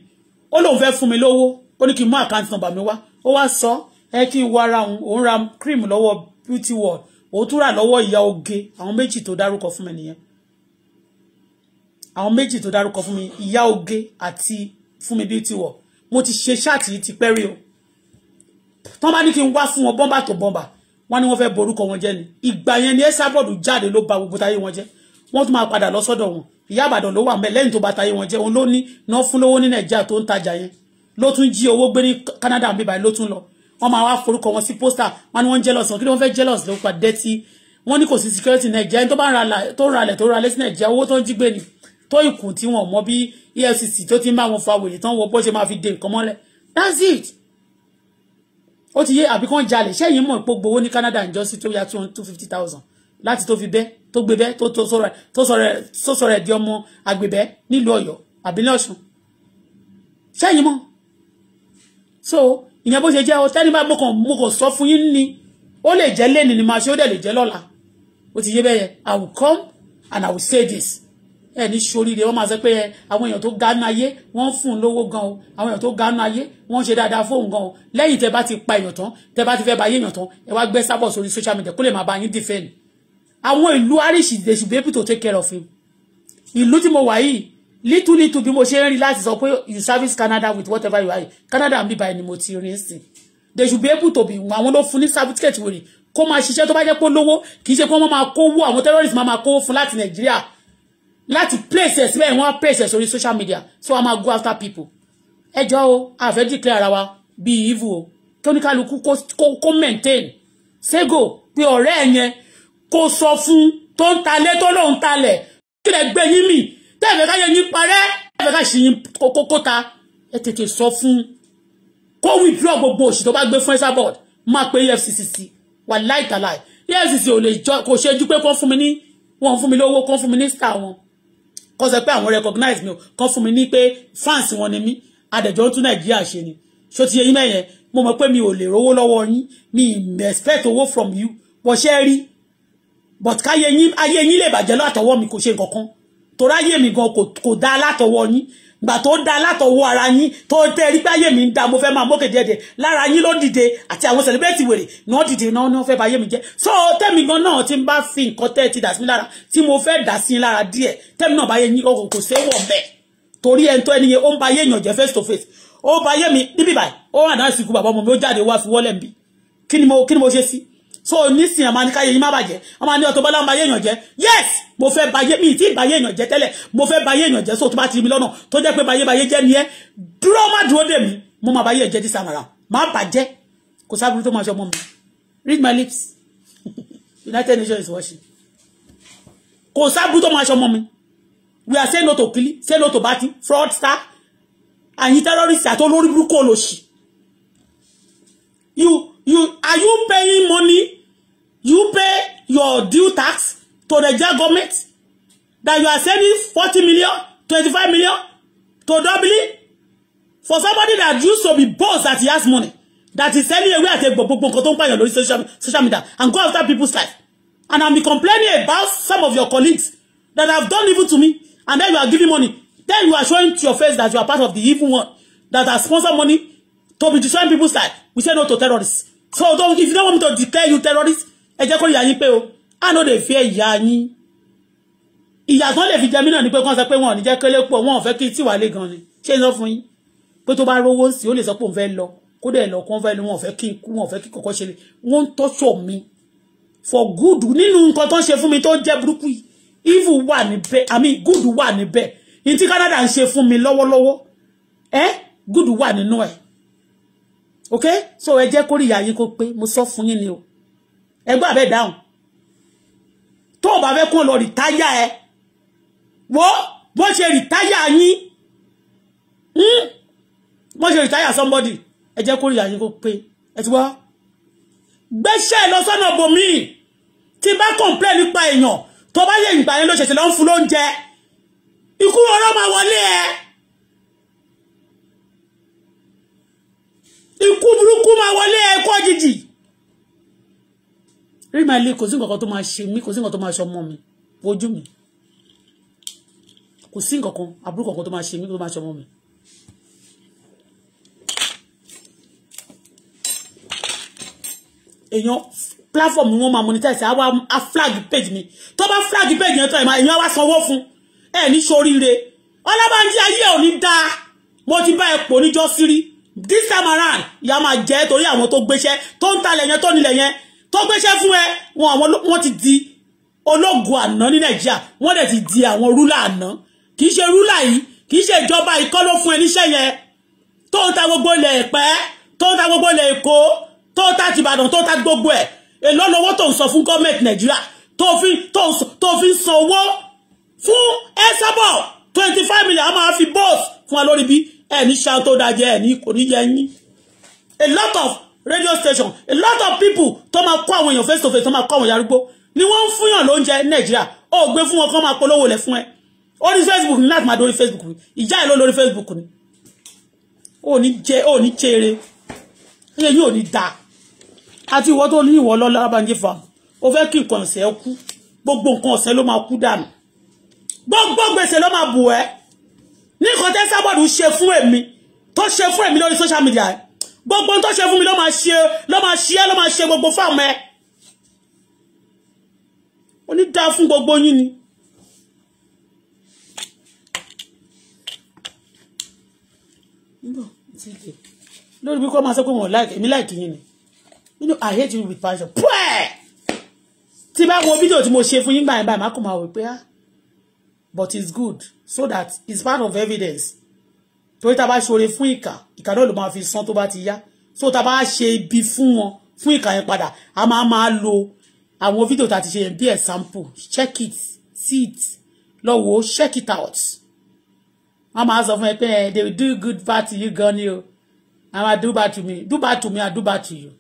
ó lóun fẹ́ fún mi lówó ó ní kí n mú àkáǹtì nàbà mi wá ó wá sọ ẹ kí n wọ ara òun ra cream lọ́wọ́ beauty world ó tún rà lọ́wọ́ ìyá oge àwọn méjì tó dárúkọ fún mi nìyẹn àwọn méjì tó dárúkọ fún mi ìyá oge àti fún mi beauty world mo ti ṣe ṣáàtì yìí ti pẹ́ rí o tán bá ní kí n wá fún wọn bọ́mbà tó bọ́mbà wọn ni wọ́n fẹ́ borúkọ wọn jẹ́ ni ìgbà yẹn ni Esabod jáde ló ba gbogbo táyé wọn jẹ́ wọ́n tún máa padà lọ sọ́dọ̀ wọn ìyá Ìbàdàn ló wà mẹ́ lẹ́yìn tó ba táyé wọn jẹ́ òun ló ní ná fún lówó ní Nàìjíríà tó ń tajà yẹn ló tún jí owó gbé ní Canada mi báyìí ló tún lọ wọ́n máa wá forúkọ wọn sí pósítà wọ́n ní wọ́n jealous wọn kí ni wọ́n fẹ́ jealous ló pa dẹ́tí wọ́n ní kò sí security nàìjíríà ẹni tó bá tó ralẹ̀ tó ralẹ̀ sí nàìjíríà owó tó ń jí gbé ni tó ìkùn tí wọ́n mọ bí efcc tó ti ń bá wọn fa wèrè tán wọ bó ṣe máa fi de nǹkan mọ́lẹ̀ that's it ó ti yé àbí kan jalè ṣẹ́yìn mọ̀ pé gbowó ní Canada ń jọ sí tó ya two fifty thousand láti tó fi bẹ́ tó gbé bẹ́ tó sọ̀rọ̀ ẹ̀ di ọmọ agbèbẹ́ nílùú Ọ̀yọ́ àbí ní Ọ̀ṣun ṣẹ́yìn mọ̀ so ìyẹn bó ṣe jẹ́ ọ tẹ́ni bá mo kàn mo kàn sọ fún yín ni ó lè jẹ́ lénìí ni màá ṣe ó dẹ̀ lè jẹ́ lọ́la ó ti yé bẹ́yẹn I will come and I will say this ẹ ní sóríire wọ́n máa sọ pé àwọn èèyàn tó gánú ayé wọ́n fún un lówó gan o àwọn èèyàn tó gánú ayé wọ́n ṣe dáadáa fóun gan o lẹ́yìn tẹ́ bá ti pa èèyàn tán tẹ́ bá ti fẹ́ ba ayé èèyàn tán ẹ wá gbé sábọ̀ sórí social media kó lè máa bá yín defend àwọn ìlú Irish they should be able to take care of him ìlú tí mo wà yìí little little bí mo ṣe ń rí láti sọ you service Canada with whatever you are Canada ń bíbá ẹni mo ti rí sí they should be able to be àwọn ló fún ní certificate wèrè kó máa ṣiṣẹ́ to bá jẹ́ pé lówó kì í ṣe pé wọ́n máa kówó àwọn terrorists máa máa kówó fún láti Nàìjíríà láti place ẹ̀ síbẹ̀ wọ́n á social media so wọ́n máa go after people ẹ jọ̀ọ́ o a fẹ́ declare ara wa bíi evil o kí oníkálukú kó maintain ṣégo go. ọ̀rẹ́ ẹ̀ yẹn kó sọ fún tó ń talẹ̀ tó lóun talẹ̀ kí lè mi tẹ́ẹ̀fẹ́ ká yẹ yín parẹ́ tẹ́ẹ̀fẹ́ ká ṣì yín kókóta ẹ tètè sọ fún kó withdraw gbogbo òṣì tó bá gbé fún Esabod máa pe EFCC wà láìtàláì EFCC ò lè jọ kò ṣejú pé kán fún mi ní wọn fún mi lówó kán fún mi ní star wọn kọ́ sọ pé àwọn recognize mi o kán fún mi ní pé France wọn ni mí adẹ̀jọ́ tún Nàìjíríà ṣe ni ṣó ti yẹ yín mẹ́yẹn mo mọ̀ pé mi ò lè rówó lọ́wọ́ yín mi expect owó from you wọ́n rí but káyé yín ayé yín lè bàjẹ́ látọwọ́ mi kò ṣe nǹkan kan toráyé mi gan kò dá látọwọ́ yín gbà tó dá látọwọ́ ara yín tó tẹ́ rí báyé mi ń da mo fẹ́ máa mókè díẹ̀díẹ̀ lára yín ló dìde àti àwọn sẹ̀lẹ́bẹ̀tì wèrè náà dìde náà náà fẹ́ báyé mi jẹ́ so tẹ́mi gan náà ti ń bá fi nǹkan tẹ́ ti dà sí mi lára tí mo fẹ́ dà sí lára díẹ̀ tẹ́mi náà báyé yín kò séwọ̀ bẹ́ẹ̀ torí ẹni tó ẹni yẹn ó ń báyé èèyàn jẹ́ face to face ó báyé mi níbí báyìí ó hàn náà sì kú bàbá ọmọ mi ó jáde wá fi wọ́lẹ̀ mi kí ni mo ṣe sí so nísìnyí àmọ́ àníkáyé yín má bàjẹ́ àmọ́ àní Auto Bola ń bayé èèyàn yes mo fẹ́ bayé mi tí bayé èèyàn jẹ́ tẹ́lẹ̀ mo fẹ́ bayé èèyàn jẹ́ so tó bá ti mi lọ́nà tó jẹ́ pé bayé bayé jẹ́ nìyẹn dúró má dúró dè mí mo má bayé ẹ̀jẹ̀ dísà màrà má bàjẹ́ kò sábúrú tó máa ṣe ọmọ mi read my lips [laughs] United Nations is watching kò sábúrú tó máa ṣe ọmọ mi we are saying no to killing say no to batting fraudster àyín terrorist àti olórí burúkú olóṣì you you are you paying money you pay your due tax to the government that you are sending forty million twenty-five million to Dublin for somebody that used to be boss that he has money that is sending away àti gbogbo nǹkan tó ń pààyàn lórí social media and go after people's life and I'm complaining about some of your colleagues that have done evil to me and then you are giving money then you are showing to your face that you are part of the evil one that has sponsored money to be destroying people's life we say no to terrorists So don't, if you don't want me to declare you terrorist, ẹ jẹ́ kó ìyá yín pé o. I know they fear ìyá yín. Ìyá tán lè fi jẹ mí náà ni pé kí wọ́n sọ pé wọn ò ní jẹ́ kélé pọ̀, wọn ò fẹ́ kí tí wà lé gan ni. Ṣé iná fún yín? Pé tó bá rówó sí, ó lè sọ pé òun fẹ́ lọ. Kódà ẹ̀ lọ kó fẹ́ lọ, wọn ò fẹ́ kí ikú, wọn ò fẹ́ kí kọ̀kọ́ to lè. Wọ́n ń tọ́ṣọ̀ mi. For good nínú nǹkan tó ń ṣe fún mi to jẹ́ burúkú yìí. Evil wà níbẹ̀, I mean good wà níbẹ̀. Ní tí Canada ń ṣe fún mi lọ́wọ́lọ́wọ́. Ẹ́ good wà nínú ẹ̀ ok so ẹ jẹ́ kórìí ìyá yín kó pé mo sọ fún yín ni o ẹgbẹ́ àbẹ́ dáhùn tó o bá fẹ́ kó lọ rìtáyà ẹ wo bó ṣe rìtáyà yín hmm? bó ṣe rìtáyà somebody ẹ jẹ́ kórìí ìyá yín kó pé ẹ ti wá gbéṣẹ́ lọ sọ́nà bòmíì tí bá complain nípa èèyàn tó bá yẹ ìgbà yẹn ló ṣẹ̀ṣẹ̀ lọ ń fún lóúnjẹ ikú ọlọ́mọ wọlé ẹ. ikú burúkú máa wọlé ẹ̀kọ́ jìjì rí màá lé kò sí nǹkan kan tó máa ṣe mí kò sí nǹkan tó máa ṣe ọmọ mi ojú mi kò sí nǹkan kan àbúrò kankan tó máa ṣe mí tó máa ṣe ọmọ mi. èèyàn platform wọn máa monetize àwa a flag page mi tó bá flag page yẹn tán ẹ̀ máa èèyàn wá sanwó fún ẹ̀ ní sóríire ọlọ́bàájí ayé ò ní dáa mo ti bá ẹ̀ pò níjọ́ sírí this time around ìyá máa jẹ́ torí àwọn tó gbéṣẹ́ tó ń talẹ̀ yẹn tó nílẹ̀ yẹn tó gbéṣẹ́ fún ẹ wọn àwọn wọn ti di ológun àná ní nàìjíríà wọn dẹ̀ ti di àwọn rúlà àná kì í ṣe rúlà yìí kì í ṣe ìjọba ìkọ́ ló fún ẹ níṣẹ́ yẹn tó ń ta gbogbo ilẹ̀ ẹ̀pẹ́ tó ń ta gbogbo ilẹ̀ èkó tó ń ta tìbàdàn tó ń ta gbogbo ẹ̀ èló lówó tó ń sọ fún gọ́ọ̀mẹ̀tì nàìjíríà tó fi tó fi san owó fún ẹ sábọ̀ twenty five million ama máa fi bọ́ọ̀sì fún wa lórí ẹni ṣá tó dájẹ́ ẹni kò ní jẹ yín a lot of radio station a lot of people tó máa kó àwọn èèyàn face to face tó máa kó àwọn yarúgbó ni wọ́n ń fúnyàn lóúnjẹ nàìjíríà ó gbé fún wọn kó máa polówó lẹ̀ fún ẹ orí facebook ni láti máa dórí facebook ni ìjà ìlú lórí facebook ni ó ní jẹ ó ní jẹrẹ ẹyẹ yóò ní dáa àti ìwọ tó ní ìwọ lọ́lá Ọbásanjọ́ fà ó fẹ́ kí nǹkan ọ̀sẹ̀ kú gbogbo nǹkan ọ̀sẹ̀ ló máa kú dànù gbogbo gbèsè ló máa bù ẹ́ ní nǹkan tẹ́ Esabod ṣe fún èmi tó ṣe fún èmi lórí social media gbogbo tó ṣe fún mi ló máa ṣe ló máa ṣe ló máa ṣe gbogbo fáwọn ẹ onídá fún gbogbo yín ni. lórí bí kò máa sọ pé wọn láìkì èmi láìkì yín ni you know I hate you with passion pẹ́ẹ́ tí bá wo fídíò tí mo ṣe fún yín báyìí báyìí má kò máa wò pé ah but it's good so that it's part of evidence torí tá a bá ṣoore fún ìkà ìkà náà ló máa fi san tó bá ti yá so tá a bá ṣe ibi fún wọn fún ìkà yẹn padà a máa máa lo àwọn fídíò tá a ti ṣe yẹn bí example check it see it lọ check it out wọn máa sọ fún ẹ pé eh, they will do good bad to you gan ni o i ma do bad to me do bad to me i do bad to you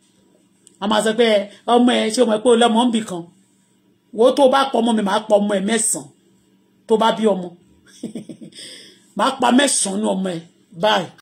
wọn máa sọ pé eh, ọmọ ẹ ṣé ọmọ ẹ pé ọlọmọ ń bì kan wo tó bá pọ ọmọ mi máa pọ ọmọ ẹ mẹ́sàn-án tó bá bí ọmọ [laughs] máa pa mẹ́sàn-án ní ọmọ ẹ